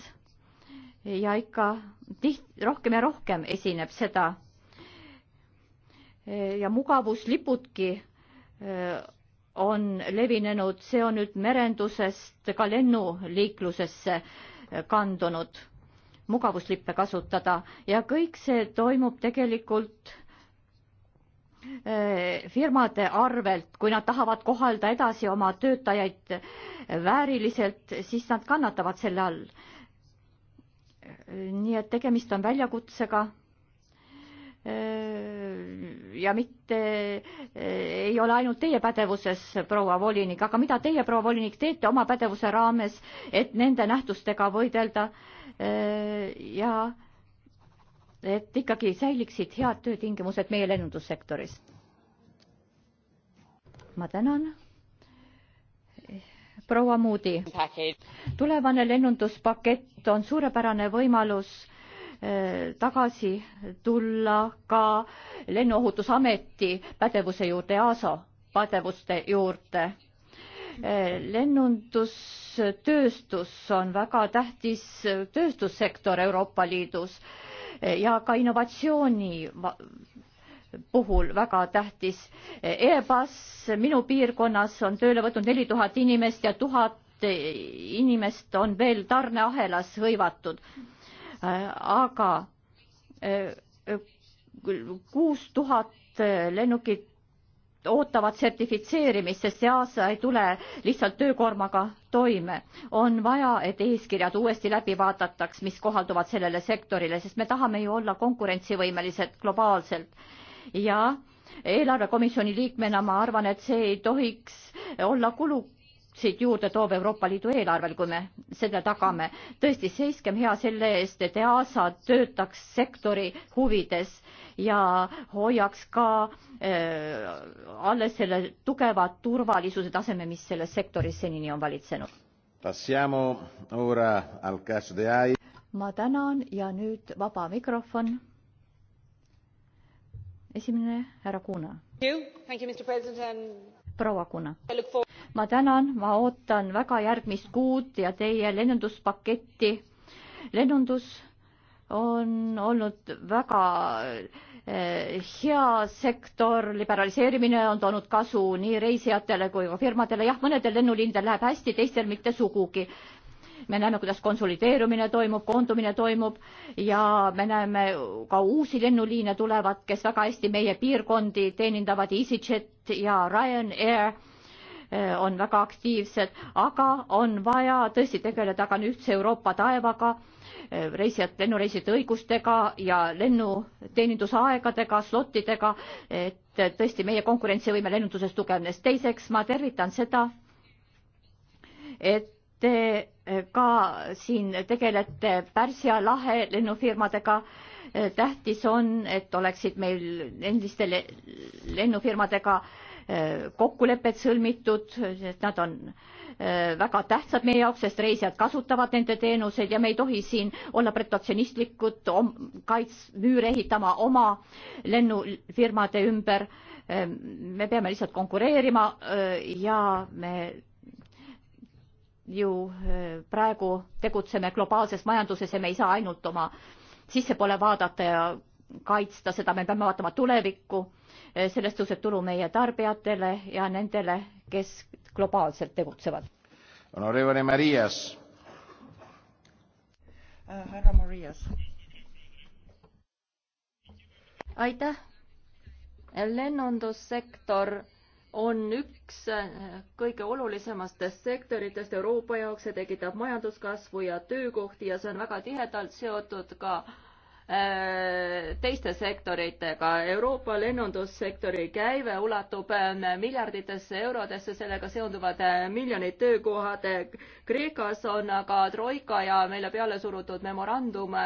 ja ikka tiht-, rohkem ja rohkem esineb seda. ja mugavuslipudki on levinenud, see on nüüd merendusest ka lennuliiklusesse kandunud, mugavuslippe kasutada ja kõik see toimub tegelikult firmade arvelt, kui nad tahavad kohalda edasi oma töötajaid vääriliselt, siis nad kannatavad selle all nii et tegemist on väljakutsega ja mitte ei ole ainult teie pädevuses, proua volinik, aga mida teie, proua volinik, teete oma pädevuse raames, et nende nähtustega võidelda ja et ikkagi säiliksid head töötingimused meie lennundussektoris? ma tänan proua Moody. tulevane lennunduspakett on suurepärane võimalus eh, tagasi tulla ka Lennuohutusameti pädevuse juurde, EASO pädevuste juurde. Eh, lennundustööstus on väga tähtis tööstussektor Euroopa Liidus eh, ja ka innovatsiooni puhul väga tähtis. Airbus minu piirkonnas on tööle võtnud neli tuhat inimest ja tuhat inimest on veel tarneahelas hõivatud. aga eh, kuus tuhat lennukit ootavad sertifitseerimist, sest EASA ei tule lihtsalt töökoormaga toime. on vaja, et eeskirjad uuesti läbi vaadataks, mis kohalduvad sellele sektorile, sest me tahame ju olla konkurentsivõimelised globaalselt ja eelarvekomisjoni liikmena ma arvan, et see ei tohiks olla kulusid juurde toov Euroopa Liidu eelarvel, kui me seda tagame. tõesti, seiskem hea selle eest, et EASA töötaks sektori huvides ja hoiaks ka äh, alles selle tugeva turvalisuse taseme, mis selles sektoris senini on valitsenud. ma tänan ja nüüd vaba mikrofon esimene härra Kuna. proua Kuna. ma tänan, ma ootan väga järgmist kuud ja teie lennunduspaketti. lennundus on olnud väga eh, hea sektor, liberaliseerimine on toonud kasu nii reisijatele kui ka firmadele, jah, mõnedel lennuliinidel läheb hästi, teistel mitte sugugi me näeme, kuidas konsolideerumine toimub, koondumine toimub ja me näeme ka uusi lennuliine tulevad, kes väga hästi meie piirkondi teenindavad, EasyJet ja Ryanair eh, on väga aktiivsed, aga on vaja tõesti tegeleda ka ühtse Euroopa taevaga, eh, reisijad, lennureisijate õigustega ja lennuteenindusaegadega, slottidega, et tõesti meie konkurentsivõime lennunduses tugevnes. teiseks ma tervitan seda, et te ka siin tegelete Pärsia lahe lennufirmadega. tähtis on, et oleksid meil endiste lennufirmadega eh, kokkulepped sõlmitud, sest nad on eh, väga tähtsad meie jaoks, sest reisijad kasutavad nende teenuseid ja me ei tohi siin olla protektsionistlikud, kaits-, müüre ehitama oma lennufirmade ümber. Eh, me peame lihtsalt konkureerima ja me ju eh, praegu tegutseme globaalses majanduses ja me ei saa ainult oma sissepoole vaadata ja kaitsta seda, me peame vaatama tulevikku, eh, sellest tõuseb tulu meie tarbijatele ja nendele, kes globaalselt tegutsevad. Honorevole Marias. Äh, härra Marias. aitäh. lennundussektor on üks eh, kõige olulisematest sektoritest Euroopa jaoks, see tekitab majanduskasvu ja töökohti ja see on väga tihedalt seotud ka eh, teiste sektoritega. Euroopa lennundussektori käive ulatub eh, miljarditesse eurodesse, sellega seonduvad miljonid töökohad. Kreekas on aga troika ja meile peale surutud memorandum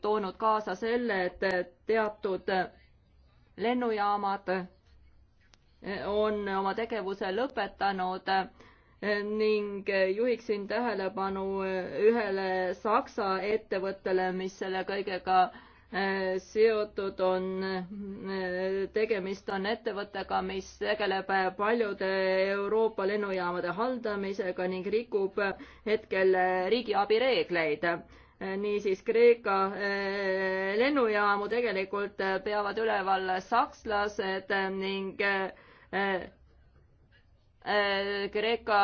toonud kaasa selle, et teatud lennujaamad on oma tegevuse lõpetanud ning juhiksin tähelepanu ühele Saksa ettevõttele, mis selle kõigega eh, seotud on, eh, tegemist on ettevõttega, mis tegeleb paljude Euroopa lennujaamade haldamisega ning rikub hetkel riigiabi reegleid. Eh, niisiis Kreeka lennujaamu tegelikult peavad üleval sakslased ning Kreeka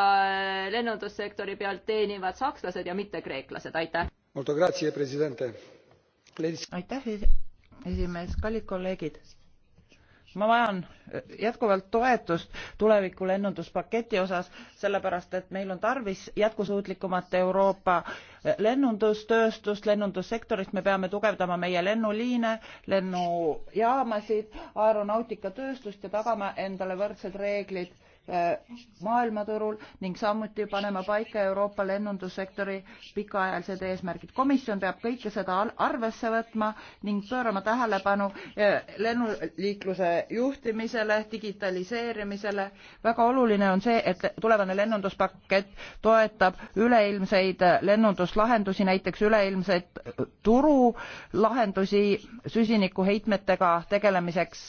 lennundussektori pealt teenivad sakslased ja mitte kreeklased, aitäh! aitäh, esimees, kallid kolleegid! ma vajan eh, jätkuvalt toetust tuleviku lennunduspaketi osas sellepärast et meil on tarvis jätkusuutlikumat euroopa eh, lennundustööstust lennundussektorit me peame tugevdama meie lennuliine lennujaamasid aeronautikatööstust ja tagama endale võrdsed reeglid Äh, maailmaturul ning samuti panema paika Euroopa lennundussektori pikaajalised eesmärgid. komisjon peab kõike seda arvesse võtma ning pöörama tähelepanu äh, lennuliikluse juhtimisele, digitaliseerimisele. väga oluline on see, et tulevane lennunduspakett toetab üleilmseid äh, lennunduslahendusi, näiteks üleilmseid turulahendusi süsinikuheitmetega tegelemiseks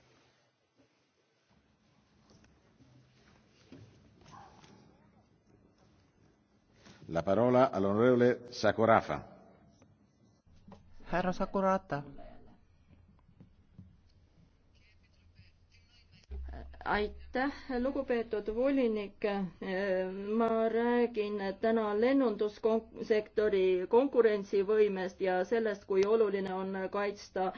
La parola all'onorevole Sakorafa. härra Sakurata. aitäh, lugupeetud volinik. ma räägin täna lennundussektori konkurentsivõimest ja sellest, kui oluline on kaitsta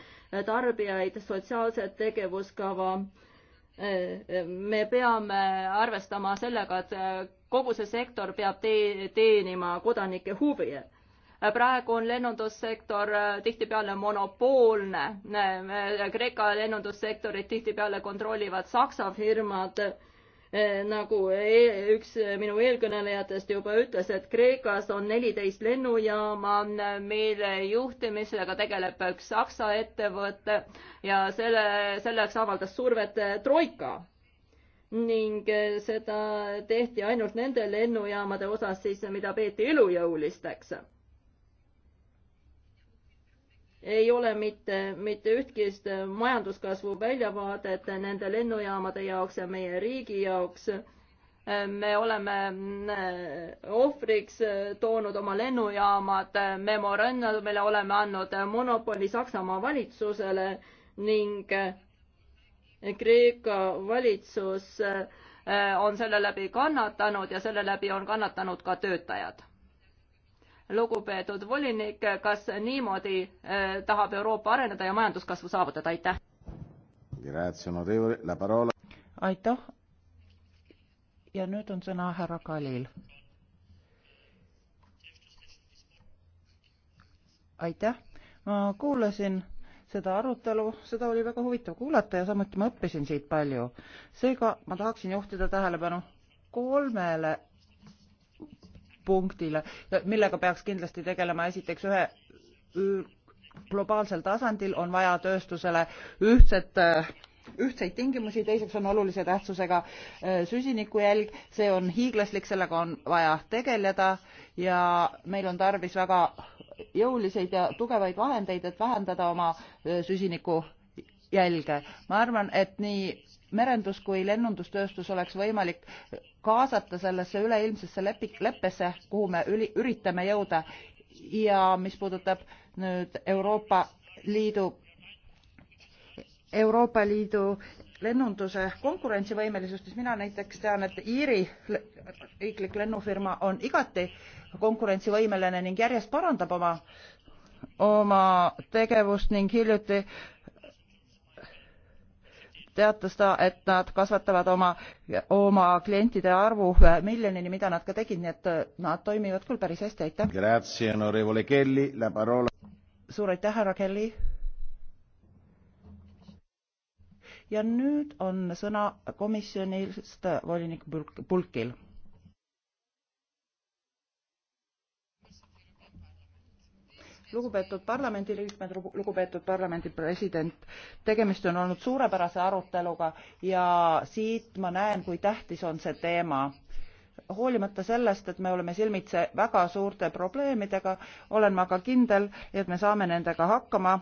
tarbijaid sotsiaalset tegevuskava Äh, äh, me peame arvestama sellega, et äh, kogu see sektor peab te teenima kodanike huvi. praegu on lennundussektor tihtipeale monopoolne. Kreeka lennundussektorit tihtipeale kontrollivad Saksa firmad Eh, nagu e, üks minu eelkõnelejatest juba ütles, et Kreekas on neliteist lennujaama, mille juhtimisega tegeleb üks Saksa ettevõte ja selle, selleks avaldas survet Troika ning seda tehti ainult nende lennujaamade osas siis, mida peeti elujõulisteks ei ole mitte, mitte ühtkist majanduskasvu väljavaadet nende lennujaamade jaoks ja meie riigi jaoks. me oleme äh, ohvriks toonud oma lennujaamad äh, memorandumile, oleme andnud äh, monopoli Saksamaa valitsusele ning Kreeka valitsus on selle läbi kannatanud ja selle läbi on kannatanud ka töötajad lugupeetud volinik, kas niimoodi eh, tahab Euroopa areneda ja majanduskasvu saavutada, aitäh! aitäh! ja nüüd on sõna härra Kalil. aitäh, ma kuulasin seda arutelu, seda oli väga huvitav kuulata ja samuti ma õppisin siit palju. seega ma tahaksin juhtida tähelepanu kolmele punktile, millega peaks kindlasti tegelema esiteks ühe globaalsel tasandil on vaja tööstusele ühtset ühtseid tingimusi, teiseks on olulise tähtsusega äh, süsinikujälg, see on hiiglaslik, sellega on vaja tegeleda ja meil on tarvis väga jõuliseid ja tugevaid vahendeid, et vähendada oma äh, süsinikujälge. ma arvan, et nii merendus kui lennundustööstus oleks võimalik kaasata sellesse üleilmsesse lepik, leppesse, kuhu me üli, üritame jõuda ja mis puudutab nüüd Euroopa Liidu, Euroopa Liidu lennunduse konkurentsivõimelisust, siis mina näiteks tean, et Iiri riiklik lennufirma on igati konkurentsivõimeline ning järjest parandab oma, oma tegevust ning hiljuti teatas ta, et nad kasvatavad oma, oma klientide arvu miljonini, mida nad ka tegid, nii et äh, nad toimivad küll päris hästi, aitäh. suur aitäh, härra Kelly. ja nüüd on sõna komisjonist volinik Pulkil lugupeetud parlamendiliikmed, lugupeetud parlamendi president, tegemist on olnud suurepärase aruteluga ja siit ma näen, kui tähtis on see teema. hoolimata sellest, et me oleme silmitse väga suurte probleemidega, olen ma ka kindel, et me saame nendega hakkama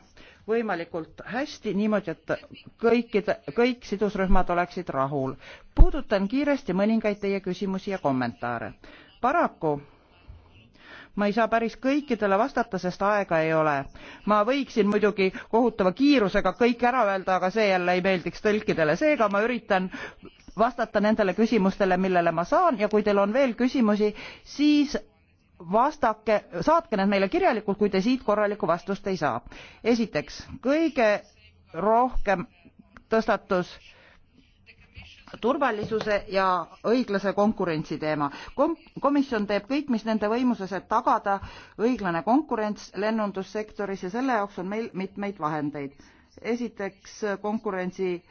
võimalikult hästi, niimoodi, et kõikide, kõik sidusrühmad oleksid rahul. puudutan kiiresti mõningaid teie küsimusi ja kommentaare. paraku ma ei saa päris kõikidele vastata, sest aega ei ole. ma võiksin muidugi kohutava kiirusega kõik ära öelda, aga see jälle ei meeldiks tõlkidele, seega ma üritan vastata nendele küsimustele, millele ma saan ja kui teil on veel küsimusi, siis vastake, saatke need meile kirjalikult, kui te siit korralikku vastust ei saa. esiteks, kõige rohkem tõstatus turvalisuse ja õiglase konkurentsi teema Kom. komisjon teeb kõik, mis nende võimuses, et tagada õiglane konkurents lennundussektoris ja selle jaoks on meil mitmeid vahendeid. esiteks konkurentsi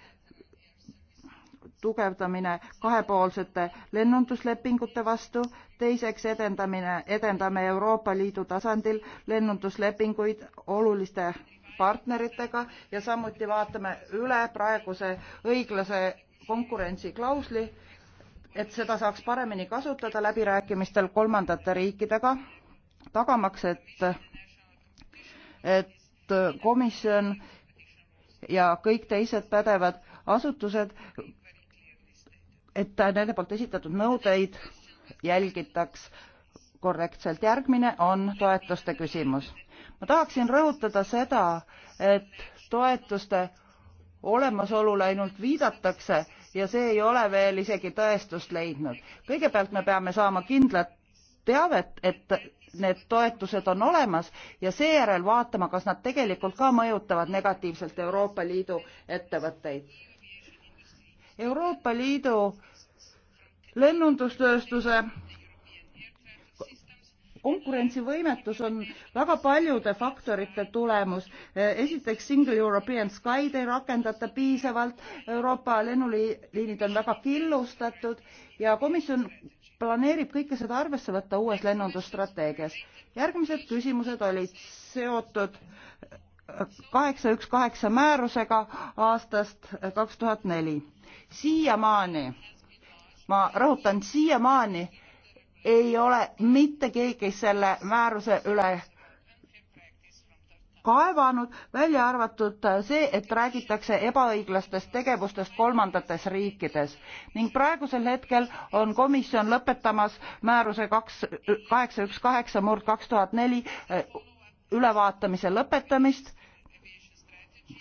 tugevdamine kahepoolsete lennunduslepingute vastu, teiseks edendamine, edendame Euroopa Liidu tasandil lennunduslepinguid oluliste partneritega ja samuti vaatame üle praeguse õiglase konkurentsiklausli, et seda saaks paremini kasutada läbirääkimistel kolmandate riikidega, tagamaks, et, et komisjon ja kõik teised pädevad asutused, et nende poolt esitatud nõudeid jälgitaks korrektselt. järgmine on toetuste küsimus. ma tahaksin rõhutada seda, et toetuste olemasolule ainult viidatakse ja see ei ole veel isegi tõestust leidnud. kõigepealt me peame saama kindlat teavet, et need toetused on olemas ja seejärel vaatama, kas nad tegelikult ka mõjutavad negatiivselt Euroopa Liidu ettevõtteid. Euroopa Liidu lennundustööstuse konkurentsivõimetus on väga paljude faktorite tulemus. esiteks Single European Sky'd ei rakendata piisavalt, Euroopa lennuliinid on väga killustatud ja komisjon planeerib kõike seda arvesse võtta uues lennundusstrateegias. järgmised küsimused olid seotud kaheksa üks kaheksa määrusega aastast kaks tuhat neli. siiamaani, ma rõhutan siiamaani ei ole mitte keegi selle määruse üle kaevanud, välja arvatud see, et räägitakse ebaõiglastest tegevustest kolmandates riikides ning praegusel hetkel on komisjon lõpetamas määruse kaks, kaheksa üks kaheksa murd kaks tuhat neli eh, ülevaatamise lõpetamist.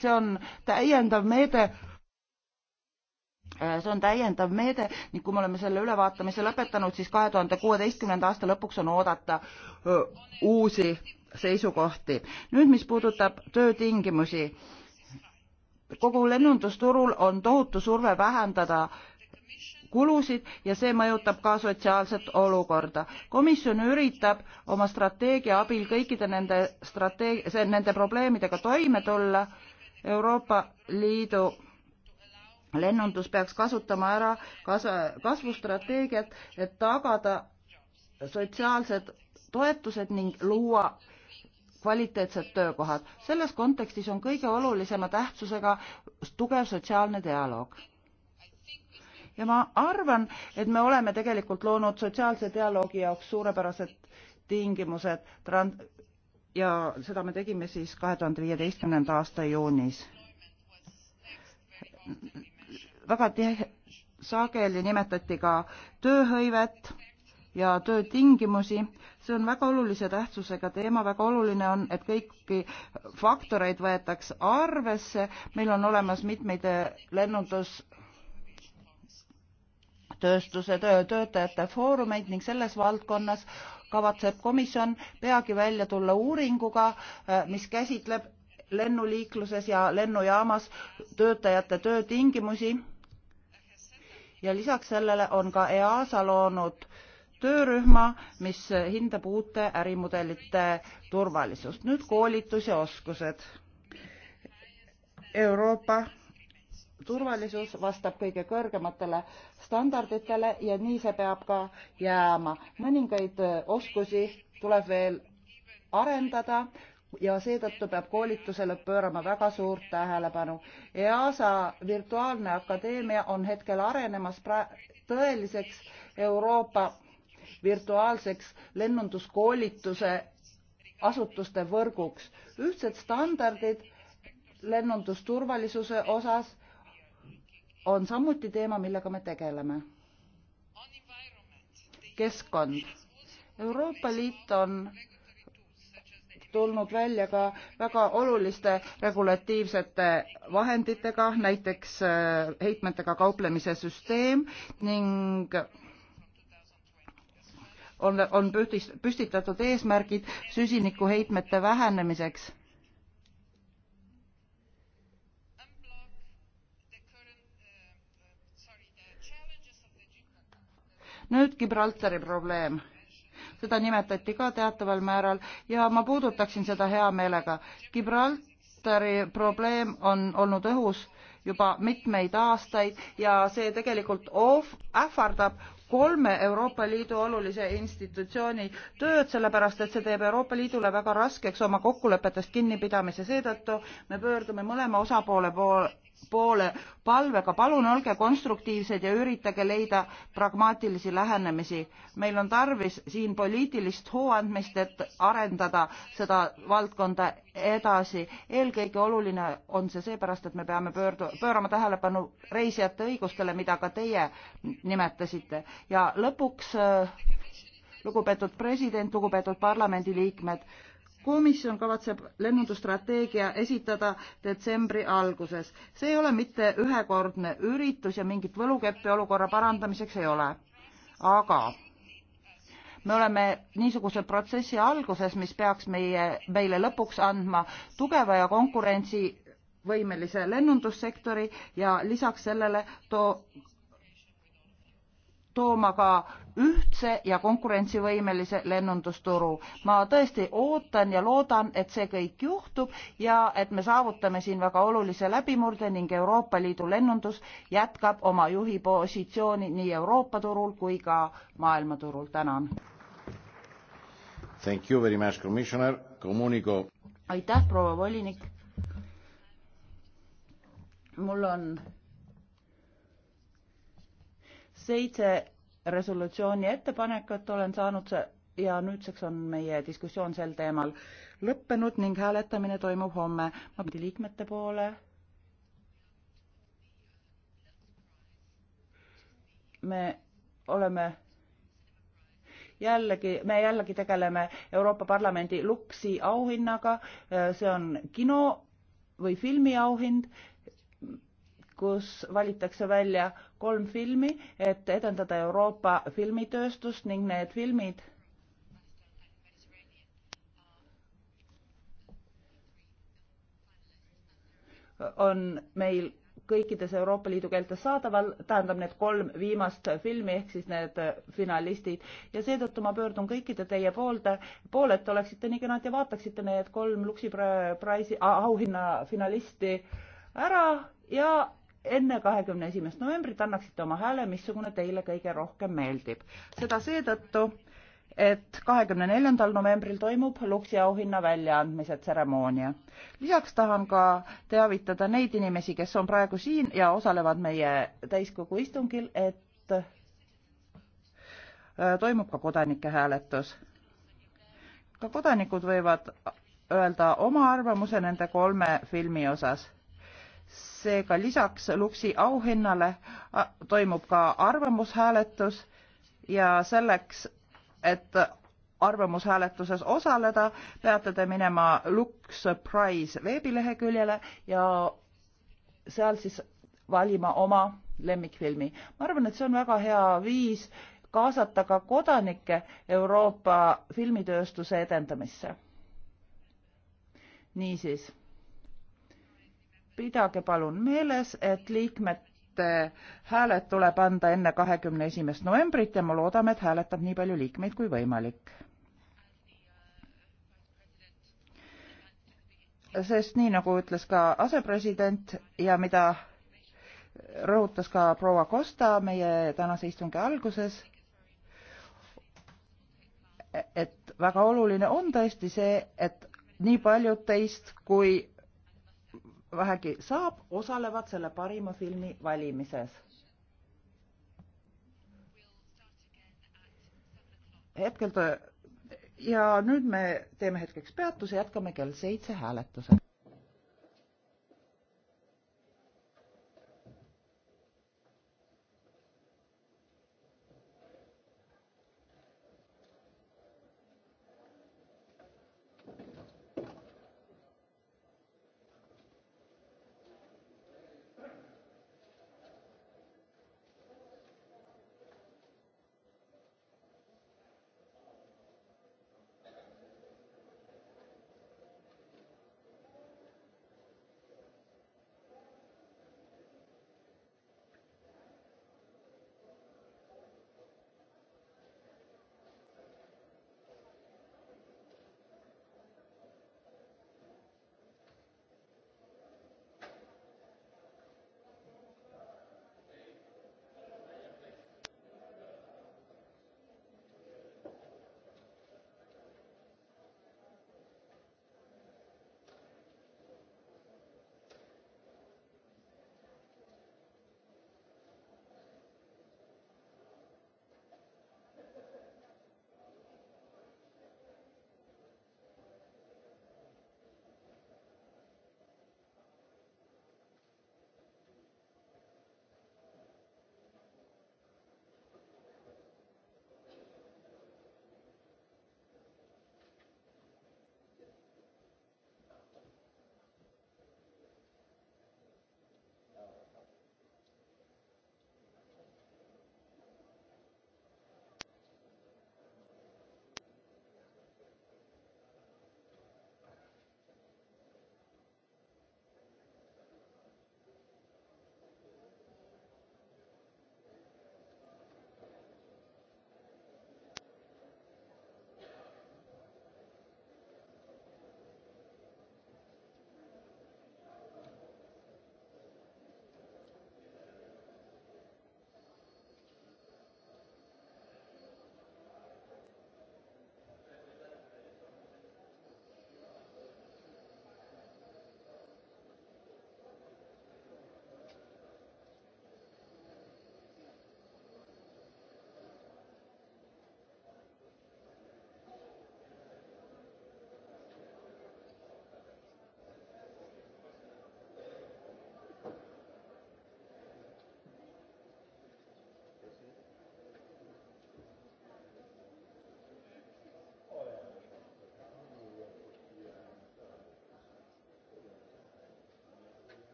see on täiendav meede Äh, see on täiendav meede ning kui me oleme selle ülevaatamise lõpetanud, siis kahe tuhande kuueteistkümnenda aasta lõpuks on oodata äh, uusi seisukohti. nüüd, mis puudutab töötingimusi. kogu lennundusturul on tohutu surve vähendada kulusid ja see mõjutab ka sotsiaalset olukorda. komisjon üritab oma strateegia abil kõikide nende strateeg-, nende probleemidega toime tulla. Euroopa Liidu lennundus peaks kasutama ära kasvustrateegiat, et tagada sotsiaalsed toetused ning luua kvaliteetsed töökohad. selles kontekstis on kõige olulisema tähtsusega tugev sotsiaalne dialoog. ja ma arvan, et me oleme tegelikult loonud sotsiaalse dialoogi jaoks suurepärased tingimused trans- ja seda me tegime siis kahe tuhande viieteistkümnenda aasta juunis väga tihe, sageli nimetati ka tööhõivet ja töötingimusi. see on väga olulise tähtsusega teema, väga oluline on, et kõiki faktoreid võetaks arvesse. meil on olemas mitmeid lennundus tööstuse töö, töötajate foorumeid ning selles valdkonnas kavatseb komisjon peagi välja tulla uuringuga, äh, mis käsitleb lennuliikluses ja lennujaamas töötajate töötingimusi ja lisaks sellele on ka EASA loonud töörühma, mis hindab uute ärimudelite turvalisust. nüüd koolitus ja oskused. Euroopa turvalisus vastab kõige kõrgematele standarditele ja nii see peab ka jääma. mõningaid oskusi tuleb veel arendada, ja seetõttu peab koolitusele pöörama väga suurt tähelepanu. EASA virtuaalne akadeemia on hetkel arenemas tõeliseks Euroopa virtuaalseks lennunduskoolituse asutuste võrguks. ühtsed standardid lennundusturvalisuse osas on samuti teema, millega me tegeleme. keskkond. Euroopa Liit on tulnud välja ka väga oluliste regulatiivsete vahenditega, näiteks äh, heitmetega kauplemise süsteem ning on, on püstitatud eesmärgid süsinikuheitmete vähenemiseks. nüüd Gibraltari probleem seda nimetati ka teataval määral ja ma puudutaksin seda hea meelega. Gibraltari probleem on olnud õhus juba mitmeid aastaid ja see tegelikult ähvardab kolme Euroopa Liidu olulise institutsiooni tööd, sellepärast et see teeb Euroopa Liidule väga raskeks oma kokkulepetest kinnipidamise, seetõttu me pöördume mõlema osapoole poole poole palvega, palun olge konstruktiivsed ja üritage leida pragmaatilisi lähenemisi. meil on tarvis siin poliitilist hooandmist, et arendada seda valdkonda edasi. eelkõige oluline on see seepärast, et me peame pöördu-, pöörama tähelepanu reisijate õigustele, mida ka teie nimetasite. ja lõpuks, äh, lugupeetud president, lugupeetud parlamendiliikmed, komisjon kavatseb lennundusstrateegia esitada detsembri alguses. see ei ole mitte ühekordne üritus ja mingit võlukeppe olukorra parandamiseks ei ole. aga me oleme niisuguse protsessi alguses, mis peaks meie, meile lõpuks andma tugeva ja konkurentsi võimelise lennundussektori ja lisaks sellele to tooma ka ühtse ja konkurentsivõimelise lennundusturu. ma tõesti ootan ja loodan, et see kõik juhtub ja et me saavutame siin väga olulise läbimurde ning Euroopa Liidu lennundus jätkab oma juhi positsiooni nii Euroopa turul kui ka maailmaturul. tänan. Thank you very much, commissioner. Communico. aitäh, proua volinik. mul on seitse resolutsiooni ettepanekut olen saanud ja nüüdseks on meie diskussioon sel teemal lõppenud ning hääletamine toimub homme. ma pidin liikmete poole. me oleme jällegi, me jällegi tegeleme Euroopa Parlamendi Luksi auhinnaga, see on kino või filmiauhind kus valitakse välja kolm filmi, et edendada Euroopa filmitööstust ning need filmid on meil kõikides Euroopa Liidu keeltes saadaval, tähendab need kolm viimast filmi ehk siis need finalistid ja seetõttu ma pöördun kõikide teie poolde, poole, et oleksite nii kenad ja vaataksite need kolm Luksi Prize'i auhinna finalisti ära ja enne kahekümne esimest novembrit annaksite oma hääle, missugune teile kõige rohkem meeldib. seda seetõttu, et kahekümne neljandal novembril toimub Luksi auhinna väljaandmise tseremoonia. lisaks tahan ka teavitada neid inimesi, kes on praegu siin ja osalevad meie täiskogu istungil, et äh, toimub ka kodanike hääletus. ka kodanikud võivad öelda oma arvamuse nende kolme filmi osas seega lisaks Luksi auhinnale toimub ka arvamushääletus ja selleks, et arvamushääletuses osaleda, peate te minema Lux Prize veebileheküljele ja seal siis valima oma lemmikfilmi. ma arvan, et see on väga hea viis kaasata ka kodanikke Euroopa filmitööstuse edendamisse. niisiis pidage palun meeles, et liikmete hääled tuleb anda enne kahekümne esimest novembrit ja me loodame, et hääletab nii palju liikmeid kui võimalik. sest nii nagu ütles ka asepresident ja mida rõhutas ka proua Costa meie tänase istungi alguses, et väga oluline on tõesti see, et nii paljud teist kui vähegi saab, osalevad selle parima filmi valimises. hetkel ja nüüd me teeme hetkeks peatuse, jätkame kell seitse hääletusega.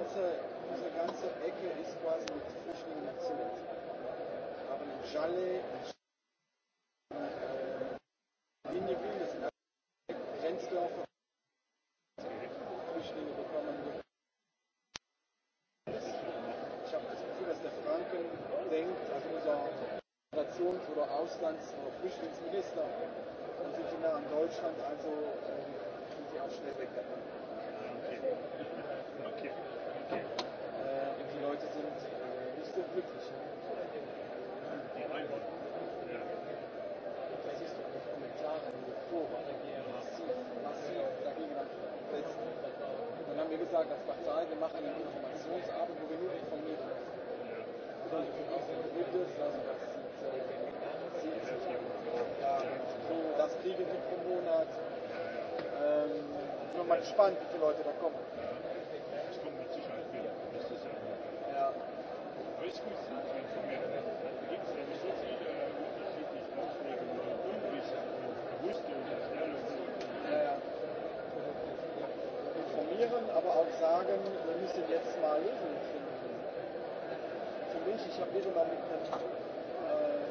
ganze, diese ganze Ecke ist quasi mit Flüchtlingen erzählt. Wir haben in Jalle, Wahl gemacht in einem Informationsabend, wo wir nur informiert werden. Und gibt es, also das sind ähm, so das Kriege gibt pro Monat. Ähm, ich bin mal gespannt, wie viele Leute da kommen. auch sagen, wir müssen jetzt mal Lösungen finden. Zumindest, ich habe wieder mal mit einem, äh,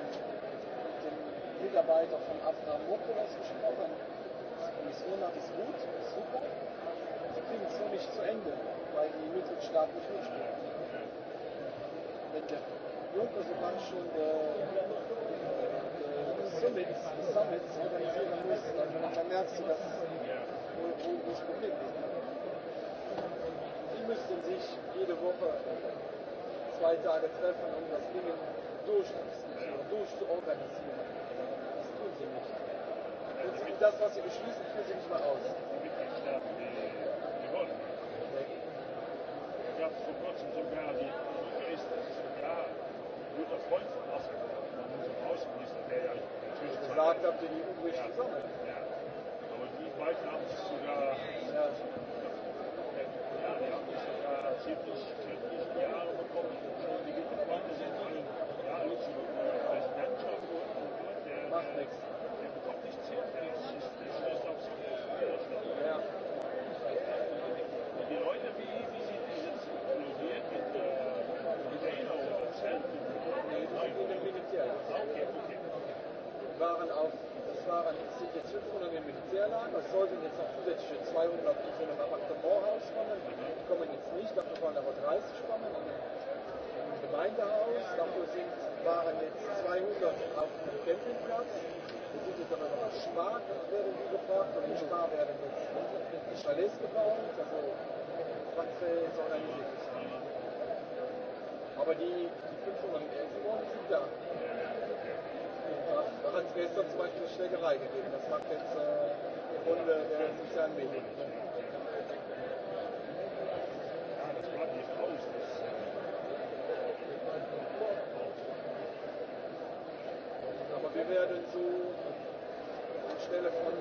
mit dem Mitarbeiter von Avramopoulos gesprochen. Die Kommission hat es gut, super. Sie kriegen es nur nicht zu Ende, weil die Mitgliedstaaten nicht mitspielen. Wenn der Juncker sogar schon äh, äh, Summits, Summits organisieren muss, dann merkst du, dass wo, wo das Problem ist müssten sich jede Woche zwei Tage treffen, um das Ding durchzuziehen, durchzuorganisieren. Das tun sie nicht. Und äh, das, was sie beschließen, führen sie nicht mal aus. Die Mitgliedstaaten, die, die wollen nicht. Es gab vor kurzem sogar die Minister, sogar ein guter Freund von Asken, unser Außenminister, der ja inzwischen gesagt hat, die EU bricht zusammen. Ja, aber die beiden haben sich sogar Macht nichts. Der bekommt nicht 10 Plätze, das ist auch so Ja. Und die Leute, wie, wie sie diese explodiert mit Container oder Zelten, Okay, okay. Waren auf, das waren, sind jetzt 500 im Militärlager, es sollten jetzt noch zusätzliche 200 Personen ich glaube, das waren aber 30 Schwammen. Im Gemeindehaus, davor sind, waren jetzt 200 auf dem Campingplatz. Wir sind jetzt aber noch auf Spar, werden die gefragt, und in Spar werden jetzt Chalets gebaut, also Frankfeld ist organisiert. Aber die, die 500 älteren worden sind da. Da hat es gestern zum Beispiel eine Schlägerei gegeben. Das macht jetzt äh, die Runde der äh, sozialen Medien. Anstelle von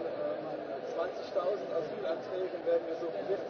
20.000 äh, Asylanträgen werden wir so